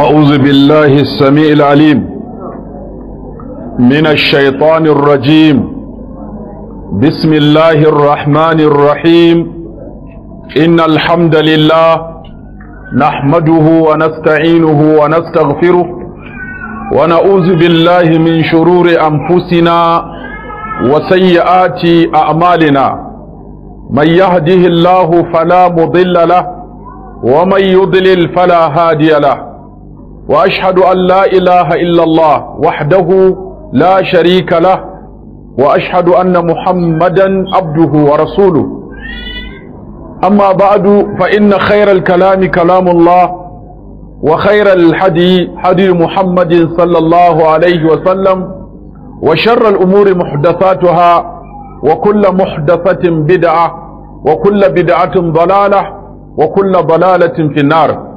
أعوذ بالله السميع العليم من الشيطان الرجيم بسم الله الرحمن الرحيم إن الحمد لله نحمده ونستعينه ونستغفره ونعوذ بالله من شرور أنفسنا وسيئات أعمالنا من يهده الله فلا مضل له ومن يضلل فلا هادي له واشهد ان لا اله الا الله وحده لا شريك له واشهد ان محمدا عبده ورسوله اما بعد فان خير الكلام كلام الله وخير الحدي حدي محمد صلى الله عليه وسلم وشر الامور محدثاتها وكل محدثه بدعه وكل بدعه ضلاله وكل ضلاله في النار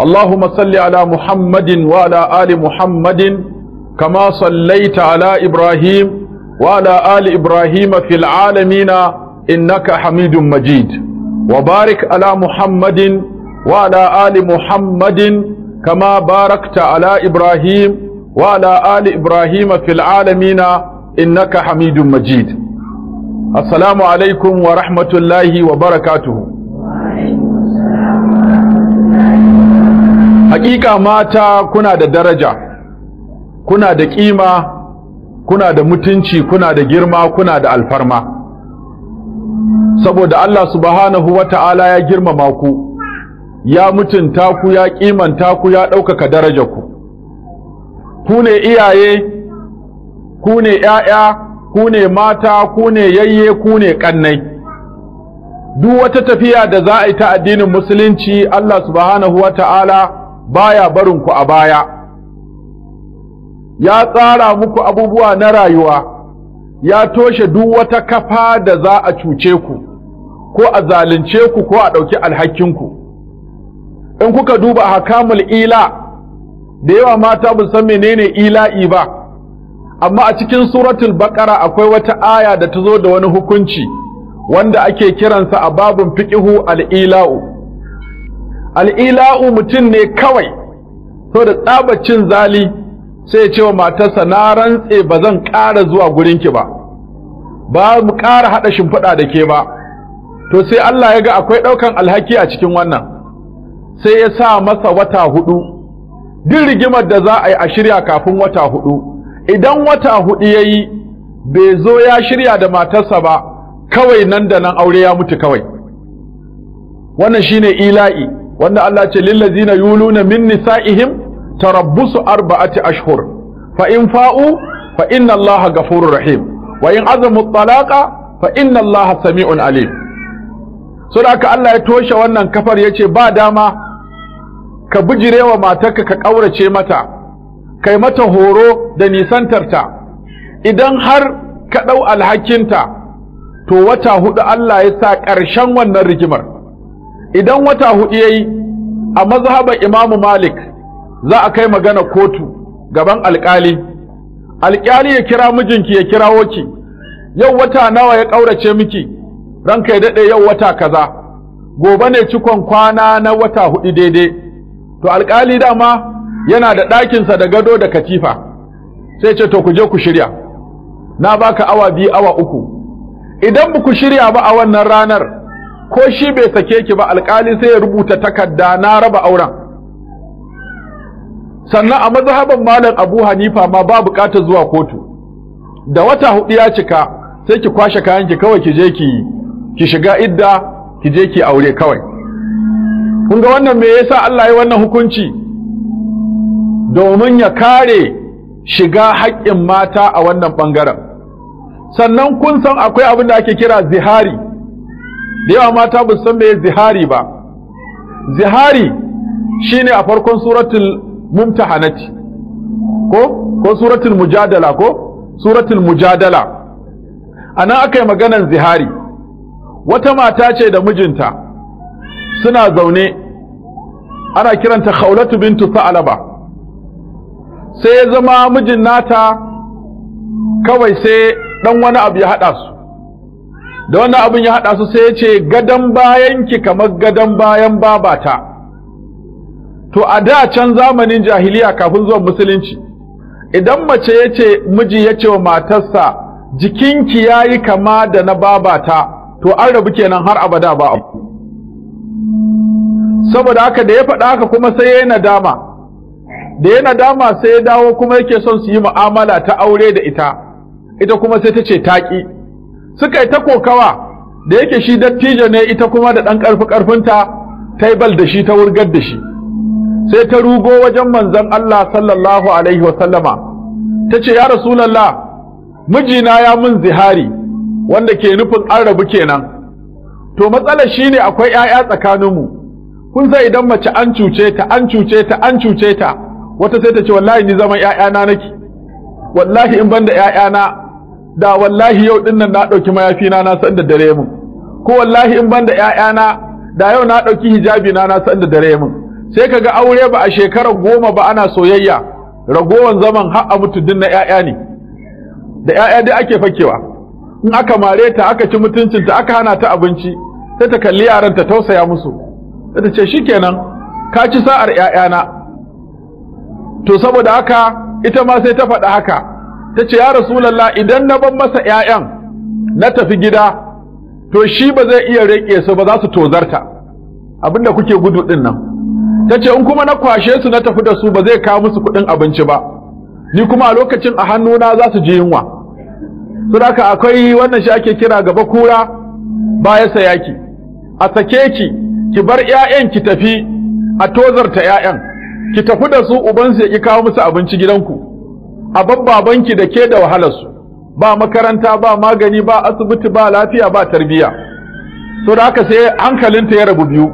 اللهم صل على محمد وعلى آل محمد كما صليت على إبراهيم وعلى آل إبراهيم في العالمين إنك حميد مجيد وبارك على محمد وعلى آل محمد كما باركت على إبراهيم وعلى آل إبراهيم في العالمين إنك حميد مجيد السلام عليكم ورحمة الله وبركاته hakika mata kuna da daraja kuna da kima kuna da mutunci kuna da girma kuna da alfarma saboda Allah subhanahu wata'ala ya girmama ku ya mutunta ku ya kimanta ku ya ɗaukaka daraja ku ku ne iyaye ku ne ‘ya'ya ku ne mata ku ne yayye ku ne ƙannai duk wata tafiya da za a yi ta addinin musulunci Allah subhanahu wata'ala baya barin ku a baya ya tsara muku abubuwa na rayuwa ya toshe duk wata kafa da za a cuce ku ko a zalunce ku ko a ɗauki ku. in kuka duba hakamul ila da yawa mata bu san menene ila'i ba amma a cikin suratul baqara akwai wata aya da ta zo da wani hukunci wanda ake kiransa a babun fiqihu al-ila'u al'ila'u mutum ne kawai to da tsabacin zali sai ya ce wa matarsa na rantse ba zan ƙara zuwa gurinki ba ba mu ƙara haɗa shimfiɗa da ke ba to sai Allah ya ga akwai ɗaukan alhaki a cikin wannan sai ya sa masa wata huɗu. duk rigimar da za a yi a shirya kafin wata huɗu. idan wata huɗu ya yi bai zo ya shirya da matarsa ba kawai nan da nan aure ya mutu kawai wannan shine ila'i wanda Allah ce lillazina yuluna min nisa'ihim tarabbusu arba'ati ashhur fa in fa'u fa inna Allaha ghafurur rahim wa in azamu talaqa fa inna Allah sami'un alim so da haka Allah ya toshe wannan kafar yace ba dama ka bijirewa matarka ka kaurace mata kai mata horo da nisantarta idan har ka dau alhakinta to wata hudu Allah ya sa ƙarshen wannan rigimar idan wata hudu yayi a mazhaban imamu malik za a kai magana kotu gaban alkali alkali ya kira mijinki ya kirawo ki yau wata nawa ya ƙaurace miki ranka ya daɗe yau wata kaza gobe ne cikon kwana na wata hudu daidai to alkali dama yana da ɗakinsa da gado da katifa sai ce to ku je ku shirya na baka awa biyu awa uku idan ba ku shirya ba a wannan ranar ko shi bai sake ki ba alkali sai ya rubuta takarda na raba auren sannan a mazhaban malam abu hanifa ma ba bukatar zuwa kotu da wata hudu ya cika sai ki kwashe kayan ki kawai ki je ki ki shiga idda ki je ki aure kawai kun ga wannan me yasa Allah ya wannan hukunci domin ya kare shiga haƙƙin mata a wannan bangaren sannan kun san akwai abin da ake kira zihari da yawa mata ba san me zihari ba zihari shine a farkon suratul mumtahanati ko ko suratul mujadala ko suratul mujadala anan aka yi maganan zihari wata mata ce da mijinta suna zaune ana kiranta khawlatu bintu fa'alaba sai ya zama mijin nata kawai sai dan wani abu ya hada su da wannan abin ya haɗa su sai ya ce gadon bayanki kamar gadon bayan babata to a da can zamanin jahiliya kafin zuwa musulunci idan mace ya ce miji ya ce wa matarsa jikinki ya yi kama da na babata to an rabu kenan har abada ba saboda haka da ya faɗa haka kuma sai ya yi nadama da ya nadama sai ya dawo kuma yake son su yi mu'amala ta aure da ita ita kuma sai ta ce taƙi suka yi ta kokawa da yake shi dattijo ne ita kuma da ɗan ƙarfi ƙarfinta ta yi bal da shi ta wurgar da shi sai ta rugo wajen manzon Allah sallallahu alaihi wasallama ta ce ya rasulallah mijina ya mun zihari wanda ke nufin an rabu kenan to matsalar ne akwai 'ya'ya tsakaninmu kun sai idan mace an cuce ta an cuce ta an cuce ta wata sai ta ce wallahi ni zaman 'ya'yana nake wallahi in banda 'ya'yana da wallahi yau din nan na ɗauki mayafi na na san da dare mun ko wallahi in banda ƴaƴana da yau na ɗauki hijabi na na san da dare mun sai kaga aure ba a shekara goma ba ana soyayya ragowan zaman har a mutu din na ƴaƴa ne da 'ya'ya dai ake fakewa in aka mare ta aka ci mutuncinta aka hana ta abinci sai ta kalli yaran ta tausaya musu sai ta ce shikenan ka ci sa'ar ƴaƴana to saboda haka ita ma sai ta faɗa haka ta ce ya rasulallah idan na ban masa 'ya'yan na tafi gida to shi ba zai iya riƙe su ba za su tozarta abinda kuke gudu ɗin nan ta ce in kuma na kwashe su na tafi da su ba zai kawo musu kuɗin abinci ba ni kuma a lokacin a hannuna za su ji yunwa saboda akwai wannan shi ake kira gaba kura baya sayaki a sake ki ki bar 'ya'yan ki tafi a tozarta 'ya'yan ki tafi da su ubansu ya ki kawo musu abinci gidanku a babanki da ke da wahalarsu ba makaranta ba magani ba asibiti ba lafiya ba tarbiyya to da aka sai hankalinta ya rabu biyu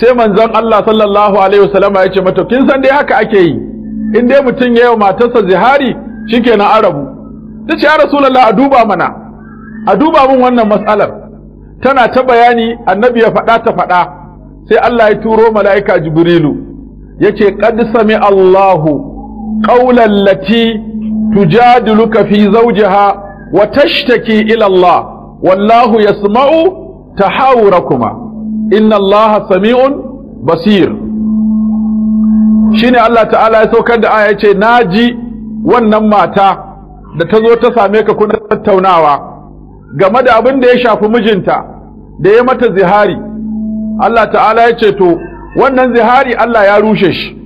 sai manzon Allah sallallahu alaihi wasallama ya ce mata kin san dai haka ake yi in dai mutum ya yi matarsa zihari shikenan an rabu ta ce ya rasulullah a duba mana a duba min wannan matsalar tana ta bayani annabi ya faɗa ta faɗa sai Allah ya turo mala'ika jibrilu yace qad sami Allahu qawlan lati tujadiluka fi zawjiha wa tashtaki ila Allah wallahu yasma'u tahawurakuma inna Allah sami'un basir shine Allah ta'ala ya saukar da aya yace naji wannan mata da ta zo ta same ka kuna tattaunawa game da abin da ya shafi mijinta da ya mata zihari Allah ta'ala ya ce to wannan zihari Allah ya rushe shi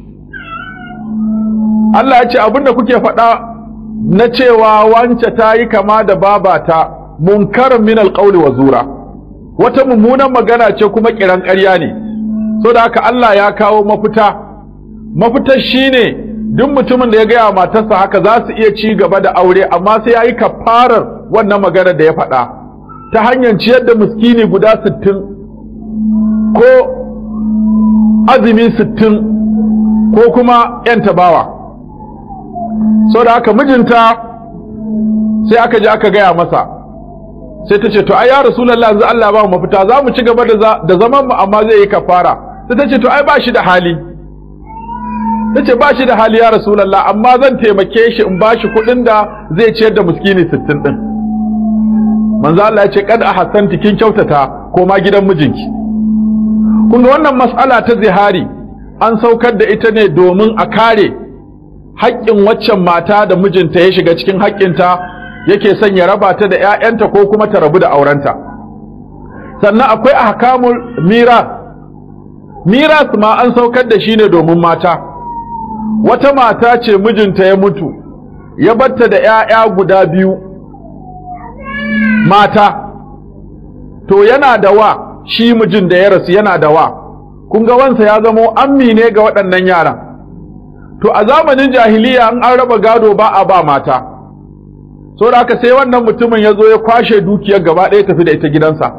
Allah ya ce abinda kuke faɗa na cewa wance ta yi kama da babata munkar min alƙauli wa zura wata mummunan magana ce kuma kiran ƙarya ne so da haka Allah ya kawo mafita mafitar shine duk mutumin da ya gaya matarsa haka za su iya ci gaba da aure amma sai ya yi kafarar wannan magana da ya faɗa ta hanyar ciyar da miskini guda sittin ko azumi sittin ko kuma 'yan tabawa sau da aka mijinta sai aka ji aka gaya masa sai ta ce to ai ya rasulallah yanzu Allah ba mu mafita za mu ci gaba da zaman mu amma zai yi kafara sai ta ce to ai ba shi da hali ta ce ba shi da hali ya rasulallah amma zan taimake shi in ba shi kuɗin da zai ciyar da muskini sittin ɗin manzo Allah ya ce kad a hasanti kin kyautata ko ma gidan mijinki kun wannan mas'ala ta zihari an saukar da ita ne domin a kare haƙƙin waccan mata da mijinta ya shiga cikin haƙƙinta yake son ya raba ta da 'ya'yanta ko kuma ta rabu da aurenta sannan akwai ahkamul miras miras ma an saukar da shi ne domin mata wata mata ce mijinta ya mutu ya batta da 'ya'ya guda biyu mata to yana da wa shi mijin da ya rasu yana da wa kun wansa ya zamo ammi ne ga waɗannan yaran to a zamanin jahiliya an an raba gado ba a ba mata saboda haka sai wannan mutumin ya zo ya kwashe dukiyar gaba ɗaya tafi da ita gidansa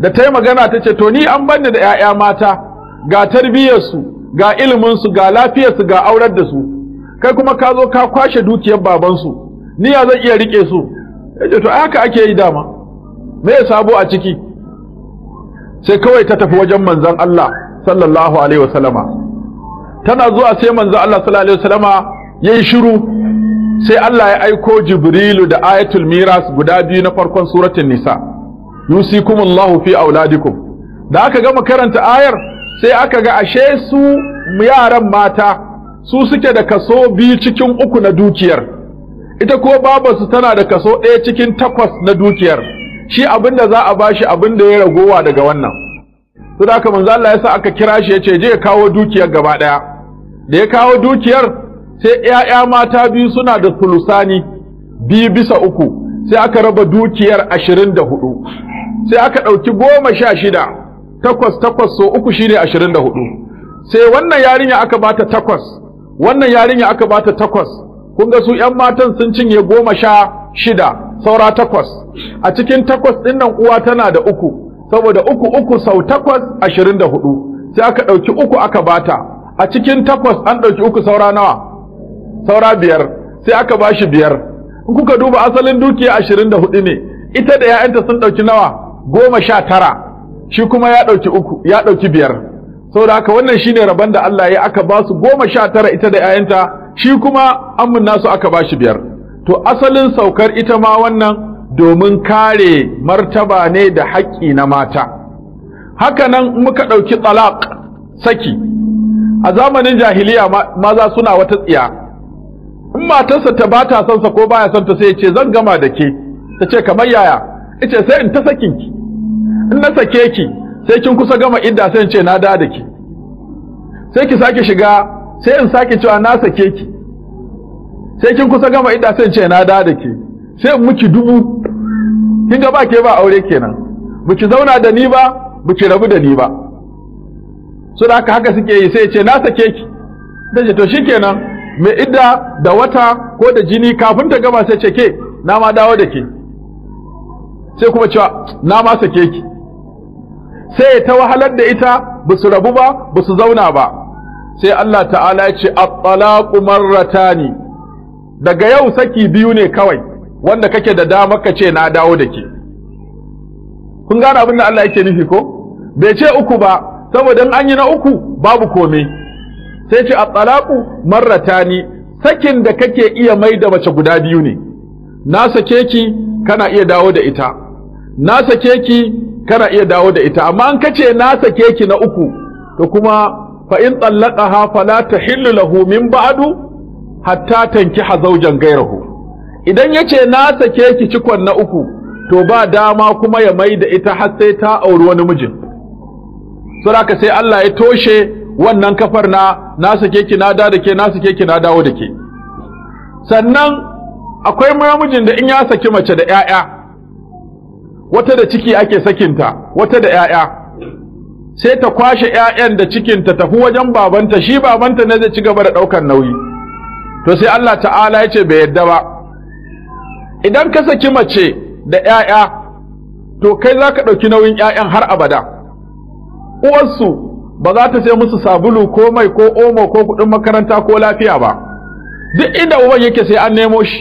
da ta yi magana ta ce to ni an banni da 'ya'ya mata ga tarbiyyarsu ga iliminsu ga lafiyarsu ga aurar da su kai kuma ka zo ka kwashe dukiyar babansu ni ya zan iya rike su ya ce to haka ake yi dama me ya sabo a ciki sai kawai ta tafi wajen manzon Allah sallallahu alaihi wasallama tana zuwa sai manzo Allah sallallahu alaihi wasallama yayi shiru sai Allah ya aiko Jibrilu da ayatul miras guda biyu na farkon suratul nisa yusikumullahu fi auladikum da aka gama karanta ayar sai aka ga ashe su yaran mata su suke da kaso biyu cikin uku na dukiyar ita ko babarsu tana da kaso ɗaya cikin takwas na dukiyar shi abinda da za a bashi abin da ya ragowa daga wannan su da aka manzo Allah ya sa aka kira shi ya ce je ya kawo dukiyar gaba ɗaya da ya kawo dukiyar sai ‘ya'ya mata biyu suna da sulusani biyu bisa uku sai aka raba dukiyar ashirin da hudu sai aka ɗauki goma sha shida takwas takwas so uku shine ashirin da hudu sai wannan yarinya aka bata takwas wannan yarinya aka bata takwas kun ga su ‘yan matan sun cinye goma sha shida saura takwas a cikin takwas ɗin nan uwa tana da uku saboda uku uku sau takwas ashirin da hudu sai aka ɗauki uku aka bata a cikin takwas an ɗauki uku saura nawa saura biyar sai aka ba shi biyar in kuka duba asalin dukiya ashirin da hudu ne ita da ‘ya'yanta sun ɗauki nawa goma sha tara shi kuma ya ɗauki uku ya ɗauki biyar Sau da haka wannan shine rabon da Allah ya aka ba su goma sha tara ita da ‘ya'yanta shi kuma amin nasu aka ba shi biyar to asalin saukar ita ma wannan domin kare martaba ne da haƙƙi na mata haka nan muka ɗauki talaq saki a zamanin jahiliya maza suna wata tsiya in matarsa ta ba ta son sa ko baya son ta sai ya ce zan gama da ke ta ce kamar yaya ce sai in ta sakin ki in na sake ki sai kin kusa gama idda sai in ce na da da ki sai ki sake shiga sai in sake cewa na sake ki sai kin kusa gama idda sai in ce na da da ki sai in miki dubu kin ga ba ke ba aure kenan biki zauna da ni ba biki rabu da ni ba su da haka suke yi sai ce na sake ki ta ce to shikenan me idda da wata ko da jini kafin ta gama sai ce ke na ma dawo da ke sai kuma cewa na ma sake ki sai ta wahalar da ita ba su rabu ba ba su zauna ba sai Allah ta'ala ya ce at-talaqu marratani daga yau saki biyu ne kawai wanda kake da dama ka ce na dawo da ke kun gane abin da Allah yake nufi ko bai ce uku ba saboda in an yi na uku babu komai sai ce at marrata ni, sakin da kake iya mai da mace guda biyu ne na sake ki kana iya dawo da ita na sake ki kana iya dawo da ita amma an kace na sake ki na uku to kuma fa in tallaqaha fala tahillu lahu min ba'du hatta tankiha zawjan ghayrahu idan yace na sake ki cikon na uku to ba dama kuma ya mai da ita har sai ta auri wani mijin saboda sai Allah ya toshe wannan kafar na na sake ki na da ke na sake ki na dawo da ke sannan akwai namijin da in ya saki mace da ƴaƴa wata da ciki ake sakinta wata da ƴaƴa sai ta kwashe ƴaƴan da cikin ta tafi wajen babanta shi babanta ne zai ci gaba da ɗaukar nauyi to sai Allah ta'ala ya ce bai yadda ba idan ka saki mace da ƴaƴa to kai zaka ka ɗauki nauyin ƴaƴan har abada uwarsu ba za ta sai musu sabulu ko mai ko omo ko kuɗin makaranta ko lafiya ba duk inda uban yake sai an nemo shi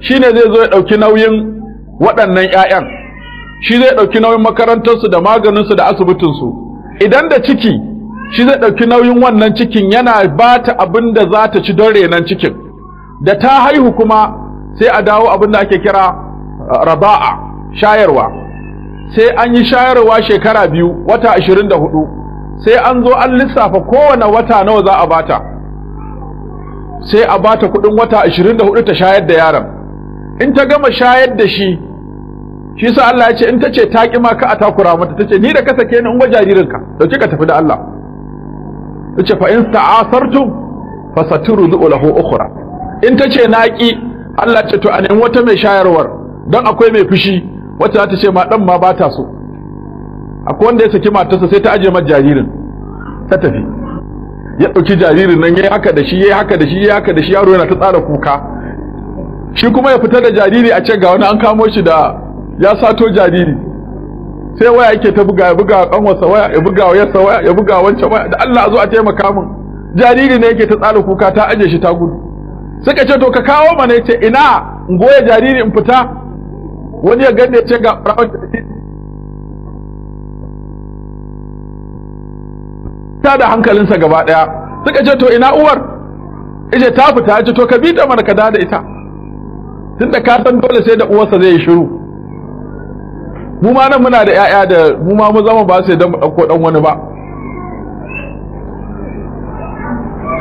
shine zai zo ya ɗauki nauyin waɗannan 'ya'yan shi zai ɗauki nauyin makarantarsu da maganinsu da asibitinsu idan da ciki shi zai ɗauki nauyin wannan cikin yana ba ta abin da za ta ci don renon cikin da ta haihu kuma sai a dawo abin da ake kira uh, raba'a shayarwa sai an yi shayarwa shekara biyu wata ashirin da hudu sai an zo an lissafa kowane wata nawa za a bata sai a bata kudin wata ashirin da hudu ta shayar da yaron in ta gama shayar da shi shi sa Allah ya ce in ta ce ta ƙi ka a takura mata ta ce ni da ka sake ni in ga jaririnka dauki ka tafi da Allah ta ce fa in ta'asartum fa saturu lahu ukhra in ta ce na ƙi Allah ce to a nemi wata mai shayarwar don akwai mai fushi wacce za ta ce ma dan ma ba ta so akwai wanda ya saki matarsa sai ta aje ma jaririn ta tafi ya ɗauki jaririn nan yayi haka da shi yayi haka da shi yayi haka da shi yaro yana ta tsara kuka shi kuma ya fita da jariri a ce ga wani an kamo shi da ya sato jariri sai waya yake ta buga ya buga kanwarsa waya ya buga wayarsa waya ya buga wancan waya da Allah zo a taimaka min jariri ne yake ta tsara kuka ta aje shi ta gudu suka ce to ka kawo mana yace ina in goye jariri in fita wani ya gane ce ga rawar da ta da hankalinsa gaba daya suka ce to ina uwar ije ta fita ce to ka bi ta mana da ita da ka san dole sai da uwarsa zai yi shiru mu ma nan muna da yaya da mu ma mu zama ba sai dan dauko dan wani ba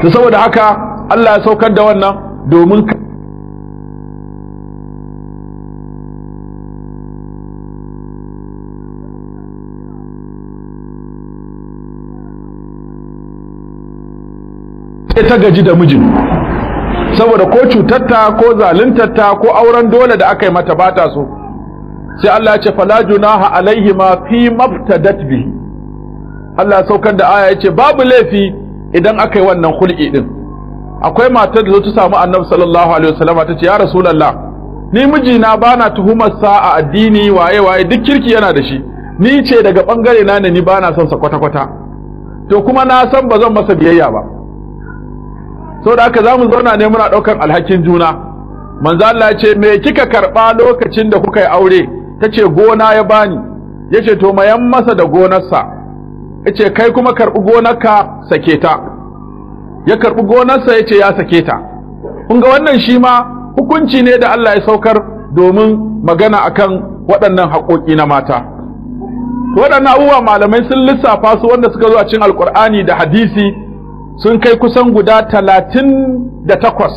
to saboda haka Allah ya saukar da wannan domin sai ta gaji da mijin saboda ko cutatta ko zaluntarta ko auren dole da aka yi mata bata so sai Allah ya ce fala junaha alaihi ma fi mabtadat bi Allah saukar da aya yace babu laifi idan aka yi wannan hul'i din akwai matar da zo ta samu Annabi sallallahu alaihi wasallam ta ce ya rasulullah ni mijina bana tuhumar sa a addini waye waye duk kirki yana da shi ni ce daga bangare na ne ni bana son sa kwata kwata to kuma na san ba zan masa biyayya ba sau da haka mu zauna ne muna ɗaukan alhakin juna manzo Allah ya ce me kika karɓa lokacin da kuka yi aure ce gona ya bani Ya ce to mayan masa da gonarsa Ya ce kai kuma karɓi gonarka sake ta ya karɓi gonarsa ya ce ya sake ta kun ga wannan shi ma hukunci ne da Allah ya saukar domin magana akan waɗannan haƙoƙi na mata waɗannan abubuwa malamai sun lissafa su wanda suka zo a cikin Alƙur'ani da hadisi sun kai kusan guda talatin da takwas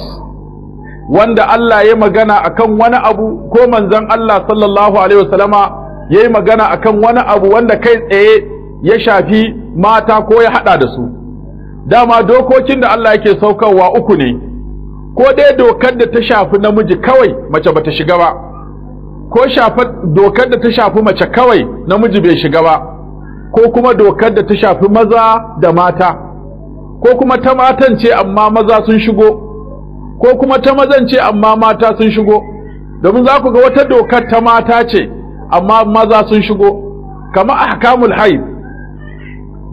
wanda Allah ya magana akan wani abu ko manzon Allah sallallahu alaihi wasallama ya yi magana akan wani abu wanda kai tsaye ya shafi mata ko ya haɗa da su dama dokokin da Allah yake saukarwa uku ne ko dai dokar da ta shafi namiji kawai mace bata shiga ba ko dokar da ta shafi mace kawai namiji bai shiga ba ko kuma dokar da ta shafi maza da mata ko kuma ta matan ce amma maza sun shigo ko kuma ta mazan ce amma mata sun shigo domin za ku ga wata dokar ta mata ce amma maza sun shigo kama ahkamul haid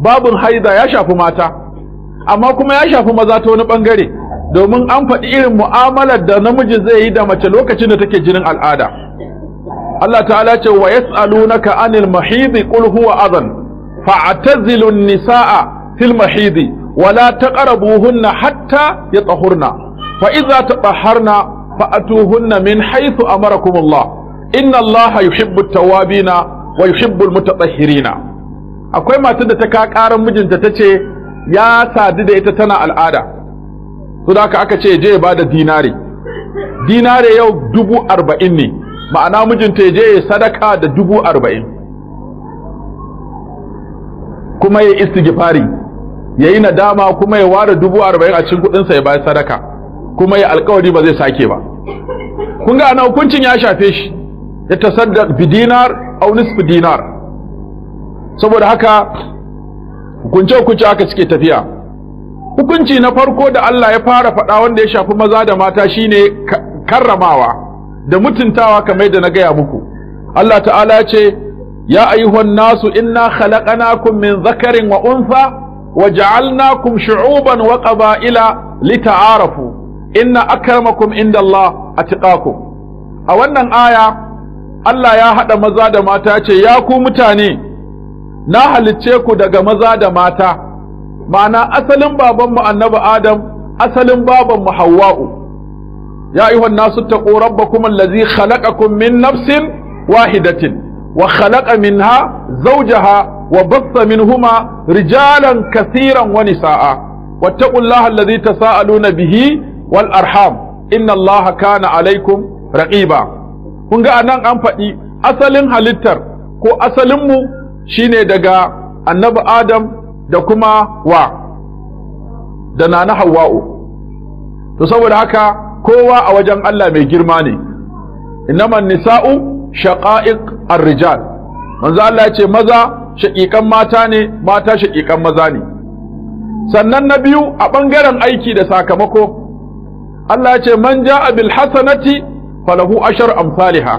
babun haida ya shafi mata amma kuma ya shafi maza ta wani bangare domin an faɗi irin mu'amalar da namiji zai yi da mace lokacin da take jinin al'ada Allah ta'ala ce wa yas'alunaka anil mahidi qul huwa adhan fa'tazilun nisaa fil mahidi wala taqrabuhunna hatta yatahurna fa idza tataharna fa'atuhunna min haythu Allah. inna allaha yuhibbu at-tawabina wa yuhibbu al na. akwai matar da ta ka karan mijinta tace ya sadu da ita tana al'ada to da aka ce je bada dinari dinari yau dubu arba'in ne ma'ana mijinta je sadaka da dubu arba'in kuma ya istighfari ya yi nadama kuma ya ware dubu arba'in a cikin kudinsa ya bayar sadaka kuma ya alkawari ba zai sake ba kun ga ana hukuncin ya shafe shi ya tasaddaq bi dinar aw dinar saboda haka hukunce hukunce aka suke tafiya hukunci na farko da Allah ya fara faɗa wanda ya shafi maza da mata shine karramawa da mutuntawa kamar da na gaya muku Allah ta'ala ce ya ayyuhan nasu inna khalaqnakum min Zakarin wa untha وجعلناكم شعوبا وقبائل لتعارفوا إن أكرمكم عند atiƙa ku. a wannan aya Allah ya haɗa maza da mata ce ya ku mutane na halicce ku daga maza da mata ma'ana asalin babanmu annabi Adam asalin babanmu Hawwa'u ya ayyuha nasu taqu rabbakum allazi khalaqakum min nafsin wahidatin wa khalaqa minha zawjaha وبث منهما رجالا كثيرا ونساء واتقوا الله الذي تساءلون به والأرحام إن الله كان عليكم رقيبا kun ga anan an faɗi asalin halittar ko asalinmu shine daga annabi adam da kuma wa da na hawa'u to saboda haka kowa a wajen Allah mai girma ne innaman nisa'u shaqa'iq ar-rijal manzo Allah ya ce maza shaƙiƙan mata ne mata shaƙiƙan maza ne sannan na biyu a ɓangaren aiki da sakamako Allah ce man ja'a bil hasanati falahu ashar amsalha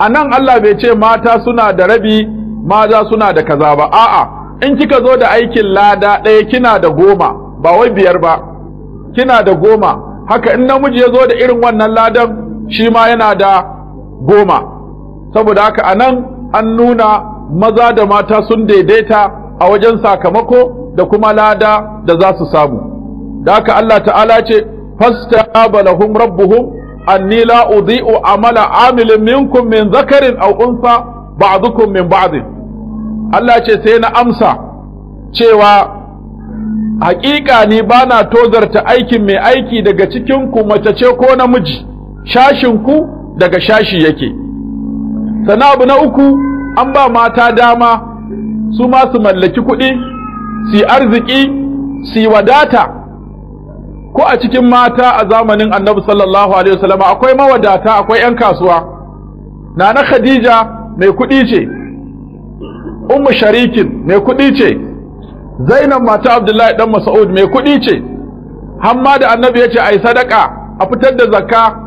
anan Allah bai ce mata suna da rabi maza suna da kaza ba a'a in kika zo da aikin lada ɗaya kina da goma ba wai biyar ba kina da goma haka in namiji ya zo da irin wannan ladan shi ma yana da goma saboda haka anan an nuna maza da mata sun daidaita a wajen sakamako da kuma lada da za su samu da haka Allah ta'ala ce fastaba lahum rabbuhum anni la udhi'u amala amilin minkum min zakarin aw unsa ba'dukum min ba'd Allah ce sai na amsa cewa haƙiƙa ni bana tozarta aikin mai aiki daga cikinku mace ce ko namiji shashinku daga shashi yake sana abu na uku an ba mata dama su ma su mallaki kuɗi su arziki su wadata ko a cikin mata a zamanin annabi sallallahu alaihi wasallam akwai mawadata akwai ƴan kasuwa nana khadija mai kuɗi ce ummu sharikin mai kuɗi ce zainab mata abdullahi dan mas'ud mai kuɗi ce hamma da annabi ya ce ai sadaka a fitar da zakka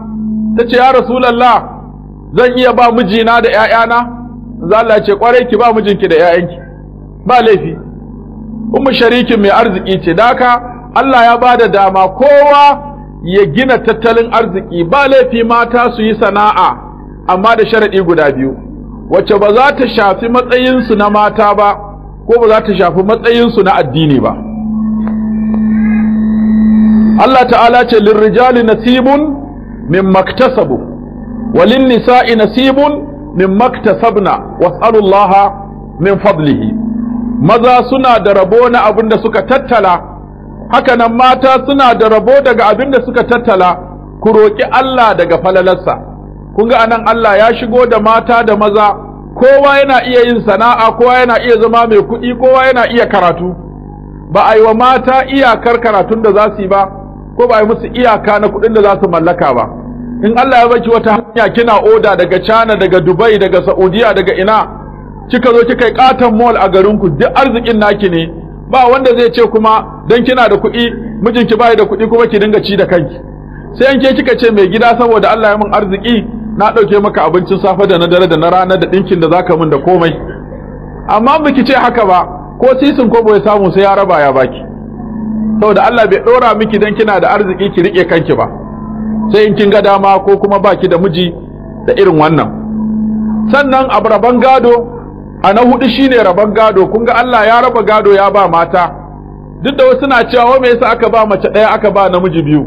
tace ya rasulallah zan iya ba mijina da ƴaƴana. manzo Allah ce kwarai ki ba mijinki da ƴaƴanki ba laifi ummu sharikin mai arziki ce daka Allah ya bada dama kowa ya gina tattalin arziki ba laifi mata su yi sana'a amma da sharaɗi guda biyu wacce ba za ta shafi matsayinsu na mata ba ko ba za ta shafi matsayinsu na addini ba Allah ta'ala ce lirrijali nasibun min maktasabu walin nisa'i nasibun min maktasabna was'alullaha min fadlihi maza suna da rabo na abin da suka tattala hakanan mata suna da rabo daga abin da suka tattala ku roki Allah daga falalarsa kun ga anan Allah ya shigo da mata da maza kowa yana iya yin sana'a kowa yana iya zama mai kuɗi kowa yana iya karatu ba a yi wa mata iyakar karatun da za su yi ba ko ba a yi musu iyaka na kuɗin da za su mallaka ba in Allah ya baki wata hanya kina oda daga China daga Dubai daga Saudiya daga ina kika zo kika katan mall a garin ku duk arzikin naki ne ba wanda zai ce kuma dan kina da kuɗi mijinki bai da kuɗi kuma ki dinga ci da kanki sai ke kika ce mai gida saboda Allah ya mun arziki na dauke maka abincin safe da na dare da na rana da ɗinkin da zaka min da komai amma biki ce haka ba ko sisin ko bai samu sai ya raba ya baki saboda Allah bai ɗora miki dan kina da arziki ki rike kanki ba sai in kin ga dama ko kuma baki da miji da irin wannan sannan a rabon gado a na hudu shine rabon gado kun ga Allah ya raba gado ya ba mata duk da wasu na cewa me yasa aka ba mace ɗaya aka ba namiji biyu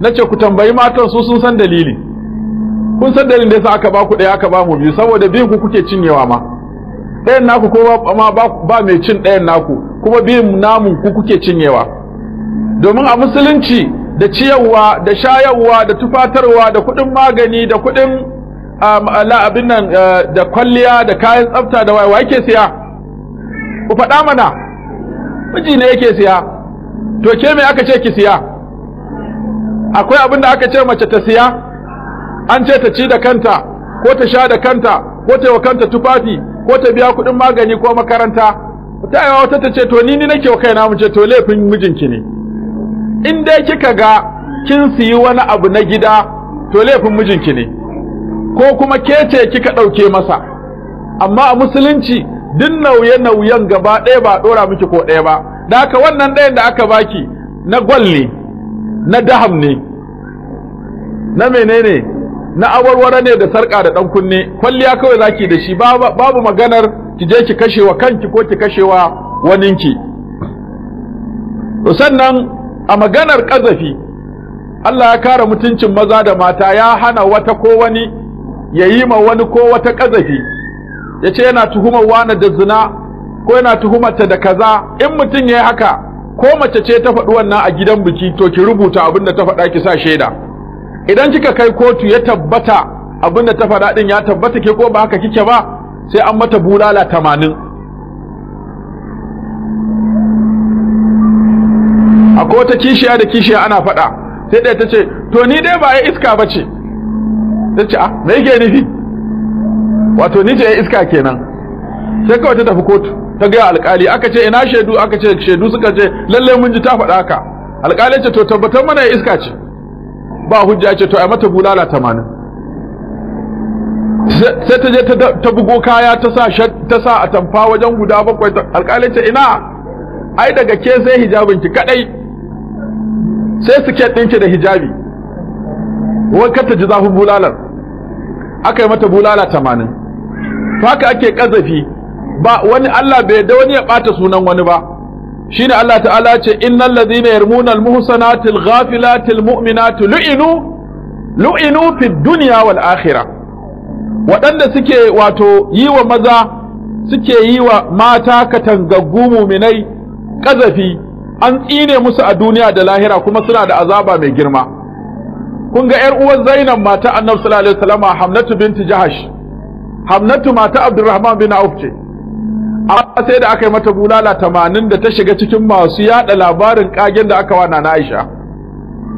nace ku tambayi matan su sun san dalili kun san dalilin da yasa aka ba ku ɗaya aka ba mu biyu saboda biyun ku kuke cinyewa ma ɗayan naku ko ma ba mai cin ɗayan naku kuma biyun namun ku kuke cinyewa domin a musulunci da ciyarwa da shayarwa da tufatarwa da kuɗin magani da kuɗin um, abin nan uh, da kwalliya da kayan tsafta da wayewa yake siya ku faɗa mana miji ne yake siya to ke me aka ce ki siya akwai abin da aka ce mace ta siya an ce ta ci da kanta ko ta sha da kanta ko ta wa kanta tufafi ko ta biya kuɗin magani ko makaranta ta yawa wata ta ce to ni ni nake wa kaina mu ce to laifin mijinki ne in dai kika ga kin siyi wani abu na gida to laifin mijinki ne ko kuma ke ce kika ɗauke masa amma a musulunci duk nauye-nauyen gaba ɗaya ba ɗora miki ko ɗaya ba da haka wannan ɗayan da aka baki na gwal ne na daham ne na menene na awarware ne da sarƙa da ɗan kunne kwalliya kawai zaki da shi babu maganar ki je ki kashewa kanki ko ki kashewa waninki to sannan a maganar ƙazafi Allah ya kare mutuncin maza da mata ya hana wata ko wani ya yi ma wani ko wata ƙazafi ya ce yana tuhumar wani da zina ko yana tuhumarta da kaza in mutum ya yi haka ko mace ce ta faɗi wannan a gidan biki to ki rubuta abin da ta faɗa ki sa shaida idan kika kai kotu ya tabbata abin da ta faɗa ɗin ya tabbata ke ko ba haka kike ba sai an mata bulala tamanin ko wata kishiya da kishiya ana faɗa sai ɗaya ta ce to ni dai ba ya iska ba ce ta ce ah me yake nufi wato ni ce ya iska kenan sai kawai ta tafi kotu ta gaya alƙali. aka ce ina shaidu aka ce shaidu suka ce lalle mun ji ta faɗa haka alƙali ce to tabbatar mana ya iska ce ba hujja ce to ai mata bulala tamanin sai ta je ta bugo kaya ta sa ta sa atamfa wajen guda bakwai alƙali ce ina ai daga ke sai hijabinki kadai sai siket ɗinki da hijabi wankar ta ji zafin bulalar aka yi mata bulala tamanin haka ake ƙazafi ba wani Allah bai da wani ya ɓata sunan wani ba ne Allah ta'ala ce innal na yarmuna al muhsanati muminatu ghafilati lu'inu lu'inu fid dunya wal akhirah waɗanda suke wato yi wa maza suke yi wa mata katangaggu muminai ƙazafi an tsine musu a duniya da lahira kuma suna da azaba mai girma kun ga yar uwar Zainab mata Annabi sallallahu alaihi wasallam Hamnatu binti Jahash Hamnatu mata Abdurrahman bin Auf ce amma sai da aka yi mata bulala 80 da ta shiga cikin masu yada labarin kagen da aka wana na Aisha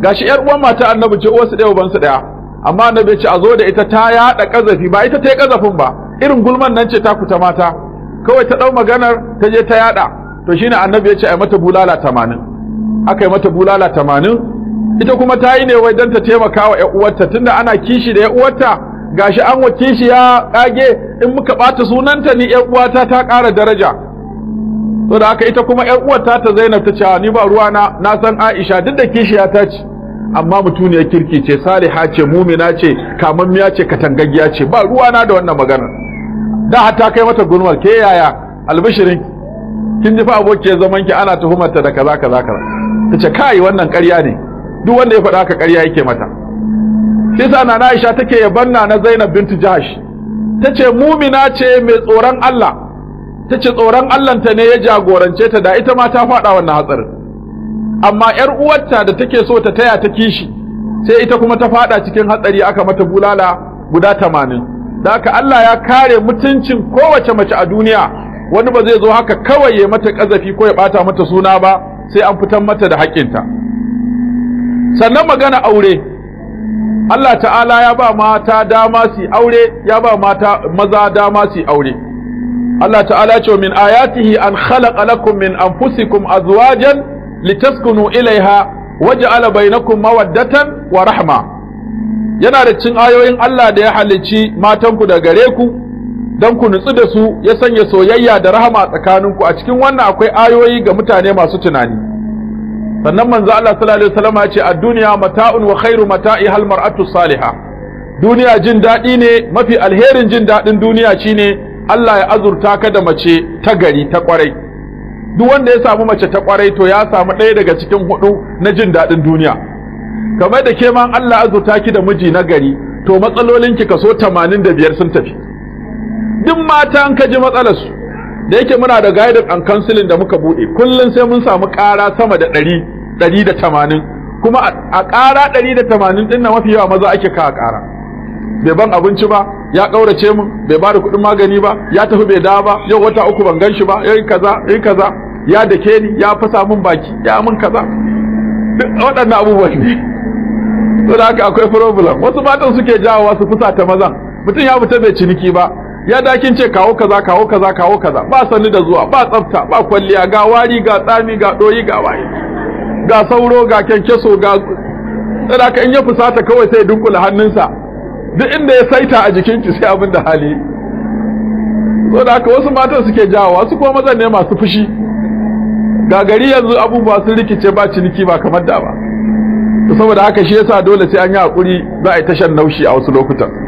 gashi ƴar uwar mata Annabi ce uwarsu daya su daya amma Annabi ce a zo da ita ta yada kazafi ba ita ta yi kazafin ba irin gulman nan ce ta kuta mata kawai ta dau maganar ta je ta yada to shine annabi ya ce ai mata bulala tamanin aka yi mata bulala tamanin ita kuma ta ne wai dan ta taimaka wa uwarta tunda ana kishi da uwarta gashi an wa shi ya kage in muka bata sunanta ni yan uwata ta ƙara daraja to da haka ita kuma yan uwarta ta Zainab ta ce ni ba ruwa na na san Aisha duk da kishiya ta ce amma mutuniyar kirki ce saliha ce mumina ce kamammiya ce katangaggiya ce ba ruwa na da wannan magana da hatta kai mata gulmar ke yaya albishirin kin ji fa abokiyar zaman ki ana tuhumarta da kaza kaza kaza tace kai wannan ƙarya ne duk wanda ya faɗa haka ƙarya yake mata shi sa nana Aisha take yabanna na Zainab bintu Jahsh tace mumina ce mai tsoron Allah tace tsoron Allah ta ne ya jagorance ta da ita ma ta faɗa wannan hatsarin amma ƴar uwarta da take so ta taya ta kishi sai ita kuma ta faɗa cikin hatsari aka mata bulala guda 80 da haka Allah ya kare mutuncin kowace mace a duniya wani ba zai zo haka kawai ya mata kazafi ko ya bata mata suna ba sai an fitan mata da haƙinta sannan magana aure Allah ta'ala ya ba mata dama su aure ya ba mata maza dama su aure Allah ta'ala ce min ayatihi an khalaqa lakum min anfusikum azwajan litaskunu ilaiha waja'ala bainakum mawaddatan wa rahma yana da cin ayoyin Allah da ya halicci matanku da gare ku don ku nutsu da su ya sanya soyayya da rahama tsakaninku a cikin wannan akwai ayoyi ga mutane masu tunani sannan manzo Allah sallallahu alaihi wasallam ya ce ad-dunya mata'un wa khairu mata'i hal mar'atu saliha duniya jin daɗi ne mafi alherin jin daɗin duniya shine Allah ya azurta ka da mace ta gari ta kwarai duk wanda ya samu mace ta kwarai to ya samu ɗaya daga cikin hudu na jin daɗin duniya kamar da ke ma Allah azurta ki da miji na gari to matsalolin ki kaso 85 sun tafi duk mata an kaji matsalarsu da yake muna da guided and counseling da muka buɗe kullum sai mun samu ƙara sama da ɗari ɗari da tamanin kuma a ƙara ɗari da tamanin ɗin na mafi yawa maza ake kawo ƙara bai ban abinci ba ya ƙaurace min bai ba da kuɗin magani ba ya tafi bai dawo ba yau wata uku ban gan shi ba yayi kaza kaza ya dake ni ya fasa min baki ya min kaza waɗannan abubuwan ne saboda haka akwai problem wasu matan suke jawowa su ta mazan mutum ya fita bai ciniki ba ya dakin ce kawo kaza kawo kaza kawo kaza ba sani da zuwa ba tsafta ba kwalliya ga wari ga tsami ga doyi ga waye ga sauro ga kyankyaso ga tsada ka in ya fusata kawai sai ya dunkula hannunsa duk inda ya saita a jikinki sai abin da hali so da haka wasu matan suke jawo wasu kuma mazan ne masu fushi ga gari yanzu abubuwa sun rikice ba ciniki ba kamar da ba saboda haka shi yasa dole sai an yi hakuri za a yi tashan naushi a wasu lokutan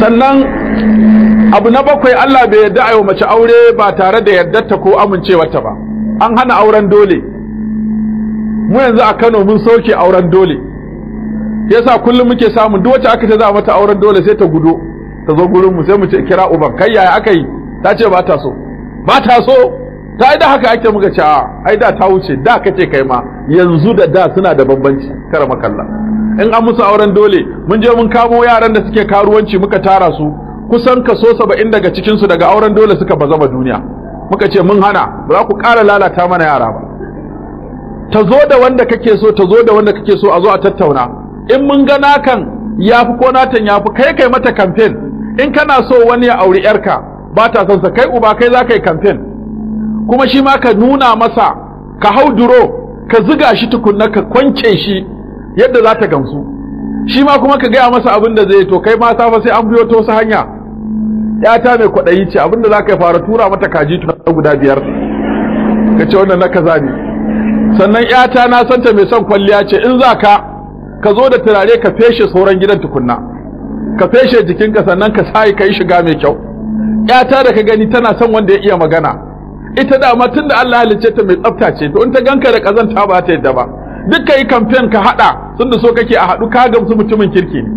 sannan abu na bakwai Allah bai yarda ayo mace aure ba tare da ta ko amincewarta ba an hana auren dole mu yanzu a Kano mun soke auren dole yasa kullum muke samu duk wacce aka ce za mata auren dole sai ta gudo ta zo gurin mu sai mu ce kira uban kai yaya aka yi ta ce ba ta so ba ta so ta ai da haka ake muka ce a ai da ta wuce da kace kai ma yanzu da da suna da bambanci kar makalla in an musu auren dole mun je mun kamo yaran da suke karuwanci muka tara su kusan kaso 70 daga su daga auren dole suka bazama duniya muka ce mun hana ba za ku ƙara lalata mana yara ba ta zo da wanda kake so ta zo da wanda kake so a zo a tattauna in mun ga nakan yafi fi ko natan ya kai kai mata kamfen in kana so wani ya auri yarka ba ta son sa kai uba kai za ka yi kamfen kuma shi ma ka nuna masa ka hau duro ka ziga shi tukunna ka kwance shi yadda za ta gamsu shi ma kuma ka gaya masa abin da zai to kai mata fa sai an biyo ta wasu hanya yata mai kwaɗayi ce abin da za ka fara tura mata kaji tuna guda biyar ka ce wannan na kaza ne sannan yata na santa mai son kwalliya ce in za ka ka zo da turare ka feshe sauran gidan tukunna ka feshe jikinka sannan ka sa ka yi shiga mai kyau yata da ka gani tana son wanda ya iya magana ita dama tun da Allah halicce ta mai tsafta ce to in ta ganka da kazanta ba ta yadda ba duk ka yi kamfen ka haɗa sun da so kake a haɗu ka gamsu mutumin kirki ne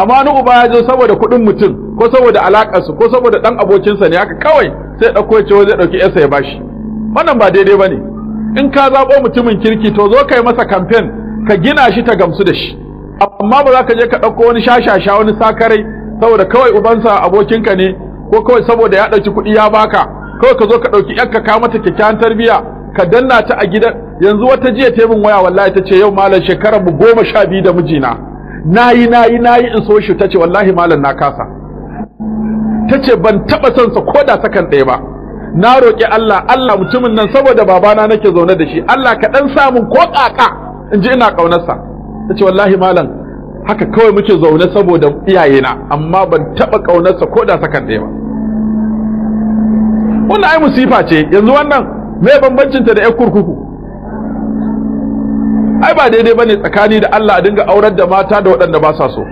amma wani uba ya zo saboda kuɗin mutum ko saboda alaƙarsu ko saboda ɗan abokinsa ne haka kawai sai ɗauko ya ce zai ɗauki yarsa ya bashi wannan ba daidai ba ne in ka zaɓo mutumin kirki to zo ka yi masa kamfen ka gina shi ta gamsu da shi amma ba za ka je ka ɗauko wani shashasha wani sakarai saboda kawai ubansa abokinka ne ko kawai saboda ya ɗauki kuɗi ya baka kawai ka zo ka ɗauki ƴarka ka mata kyakkyawan tarbiyya ka danna ta a gidan yanzu wata jiya ta min waya wallahi ta ce yau malam shekarar mu goma sha biyu da mijina nayi nayi nayi in so shi ta wallahi malam na kasa tace ban taba son sa koda sakan ɗaya ba na roƙi Allah Allah mutumin nan saboda babana nake zaune da shi Allah ka dan samu ko kaka in ji ina ƙaunarsa ta ce wallahi malam haka kawai muke zaune saboda iyayena amma ban taɓa ƙaunarsa ko da sakan ɗaya ba wannan ai musifa ce yanzu wannan me bambancinta da 'yan kurkuku ai ba daidai bane tsakani da Allah a dinga aurar da mata da waɗanda ba sa so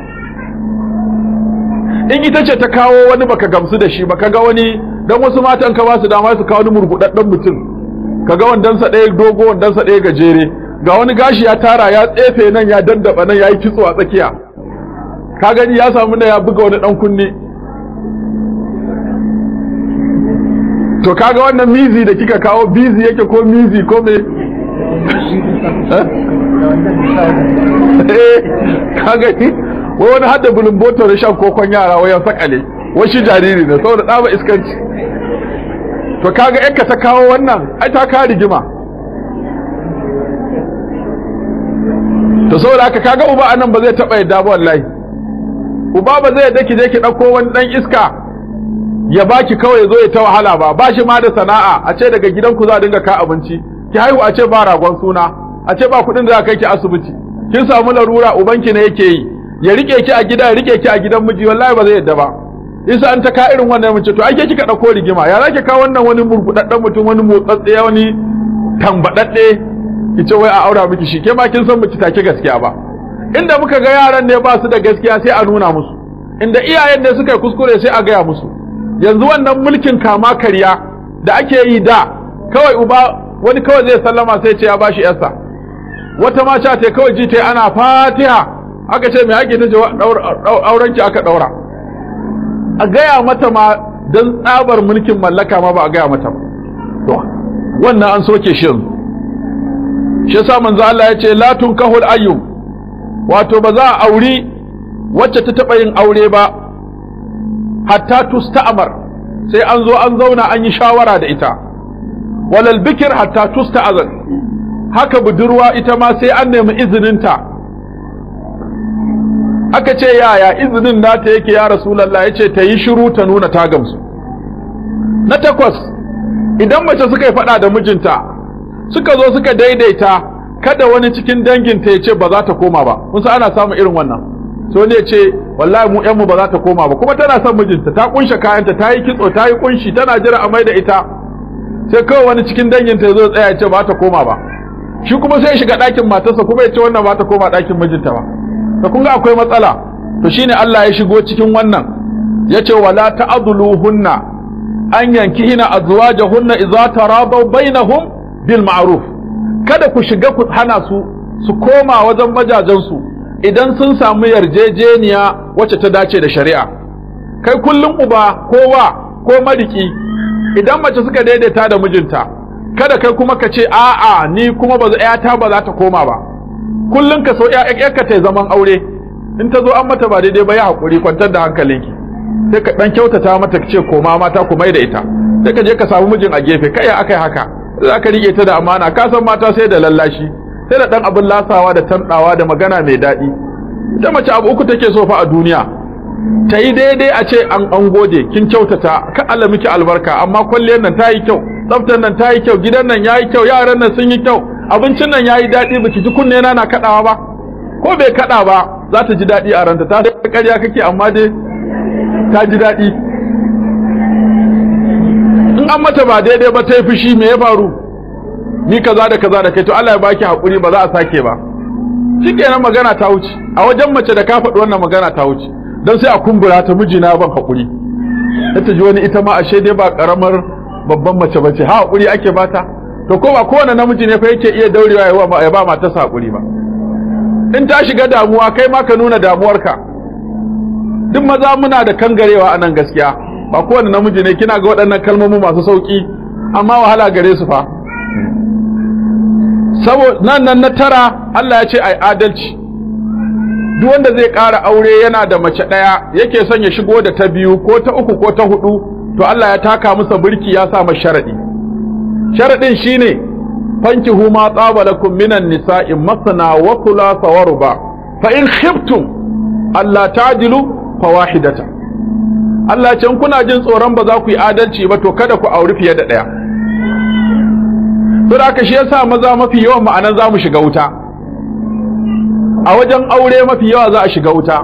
in ita ce ta kawo wani baka gamsu da shi ba ga wani dan wasu matan ka ba su dama su kawo wani murgudaddan mutum kaga wandansa ɗaya dogo wandansa ɗaya gajere ga wani gashi ya tara ya tsefe nan ya dandaba nan ya yi kitso a tsakiya ka gani ya samu na ya buga wani dan kunni to kaga wannan mizi da kika kawo bizi yake ko mizi ko me eh, kaga ni wai wani hada bulun botar shan kokon yara wayan sakale wai shi jariri ne saboda ba iskanci to kaga yanka ta kawo wannan ai ta kawo rigima to saboda haka kaga uba anan ba zai taɓa yadda ba wallahi uba ba zai yadda ki je ki ɗauko wani ɗan iska ya baki kawai ya zo ya ta wahala ba ba shi ma da sana'a a ce daga gidanku za a dinga ka abinci ki haihu a ce ba ragon suna a ce ba kuɗin da za kai ki asibiti kin samu larura ubanki ne yake yi ya rike ki a gida ya rike ki a gidan miji wallahi ba zai yadda ba isa an ta ka irin wannan mace to ake kika dauko rigima ya zaki ka wannan wani murkudaddan mutum wani motsatse wani tambadadde ki ce wai a aura miki shi ke ma kin san miki take gaskiya ba inda muka ga yaran ne ba su da gaskiya sai a nuna musu inda iyayen ne suka yi kuskure sai a gaya musu yanzu wannan mulkin kama karya da ake yi da kawai uba wani kawai zai sallama sai ce ya bashi yarsa wata ma ta kawai ji ta ana fatiha aka ce me ake ta auren ki aka daura a gaya mata ma dan tsabar mulkin mallaka ma ba a gaya mata to wannan an soke shi yanzu shi yasa manzo Allah ya ce la tunkahul ayyu wato ba za a auri wacce ta taba yin aure ba hatta tusta'mar sai an zo an zauna an yi shawara da ita walal bikir hatta tusta'zan haka budurwa ita ma sai an nemi ta aka ce yaya izinin nata yake ya rasulullah yace ta yi shiru ta nuna ta gamsu na takwas idan mace suka yi fada da mijinta suka zo suka daidaita kada wani cikin danginta ya ce ba za ta koma ba kun san ana samun irin wannan so ne ya wallahi mu ƴanmu ba za ta koma ba kuma tana son mijinta ta kunshe kayanta ta yi kitso ta yi kunshi tana jira a maida ita sai kawai wani cikin danginta ya zo tsaya ce ba ta koma ba shi kuma sai ya shiga ɗakin matarsa kuma ya ce wannan ba ta koma ɗakin mijinta ba to kun ga akwai matsala to shine Allah ya shigo cikin wannan ya ce wala ta'dhuluhunna an yanki yankihina azwajahunna idza tarabaw bainahum bil ma'ruf kada ku shiga ku hana su su koma wajen majajensu idan sun samu yarjejeniya wacce ta dace da shari'a kai kullum uba kowa ko mariki idan mace suka daidaita da mijinta kada kai kuma ka ce a'a ni kuma ba ta ba za ta koma ba kullum ka so ƴaƴarka ta zaman aure in ta zo an mata ba daidai ba ya hakuri kwantar da hankalinki sai ka dan kyautata mata ka ce koma mata ku mai da ita sai ka je ka samu mijin a gefe kai aka yi haka za ka rike ta da amana ka san mata sai da lallashi sai da dan abin lasawa da tantawa da magana mai daɗi ita mace abu uku take so fa a duniya ta yi daidai a ce an an gode kin kyautata ka Allah miki albarka amma kwalliyar nan ta yi kyau tsaftar nan ta yi kyau gidan nan ya yi kyau yaran nan sun yi kyau abincin nan ya yi daɗi baki ji kunne na na kaɗawa ba ko bai kaɗa ba za ta ji daɗi a ranta ta sai ƙarya kake amma dai ta ji daɗi in an mata ba daidai ba ta yi fushi me ya faru ni kaza da kaza da kai to Allah ya baki hakuri ba za a sake ba shikenan magana ta wuce a wajen mace da ka faɗi wannan magana ta wuce dan sai a kumbura ta mijina ban hakuri ta ji wani ita ma ashe dai ba karamar babban mace bace ha hakuri ake bata to ko ba kowane namiji ne fa yake iya daurewa ya ba mata hakuri ba in ta shiga damuwa kai ma ka nuna damuwarka duk maza muna da kangarewa a nan gaskiya ba kowane namiji ne kina ga waɗannan kalmomi masu sauki amma wahala gare su fa saboda nan nan na tara Allah ya ce ai adalci duk wanda zai ƙara aure yana da mace ɗaya yake son ya shigo da ta biyu ko ta uku ko ta hudu to Allah ya taka masa burki ya sa masa sharadi sharadin shine fanki huma tsabalakum minan nisa'i masna wa thulatha wa ruba fa in khiftum alla tajilu fawahidata Allah ce kuna jin tsoron ba za ku yi adalci ba to kada ku auri fiye da ɗaya to da shi yasa maza mafi yawan ma'anan za mu shiga wuta a wajen aure mafi yawa za a shiga wuta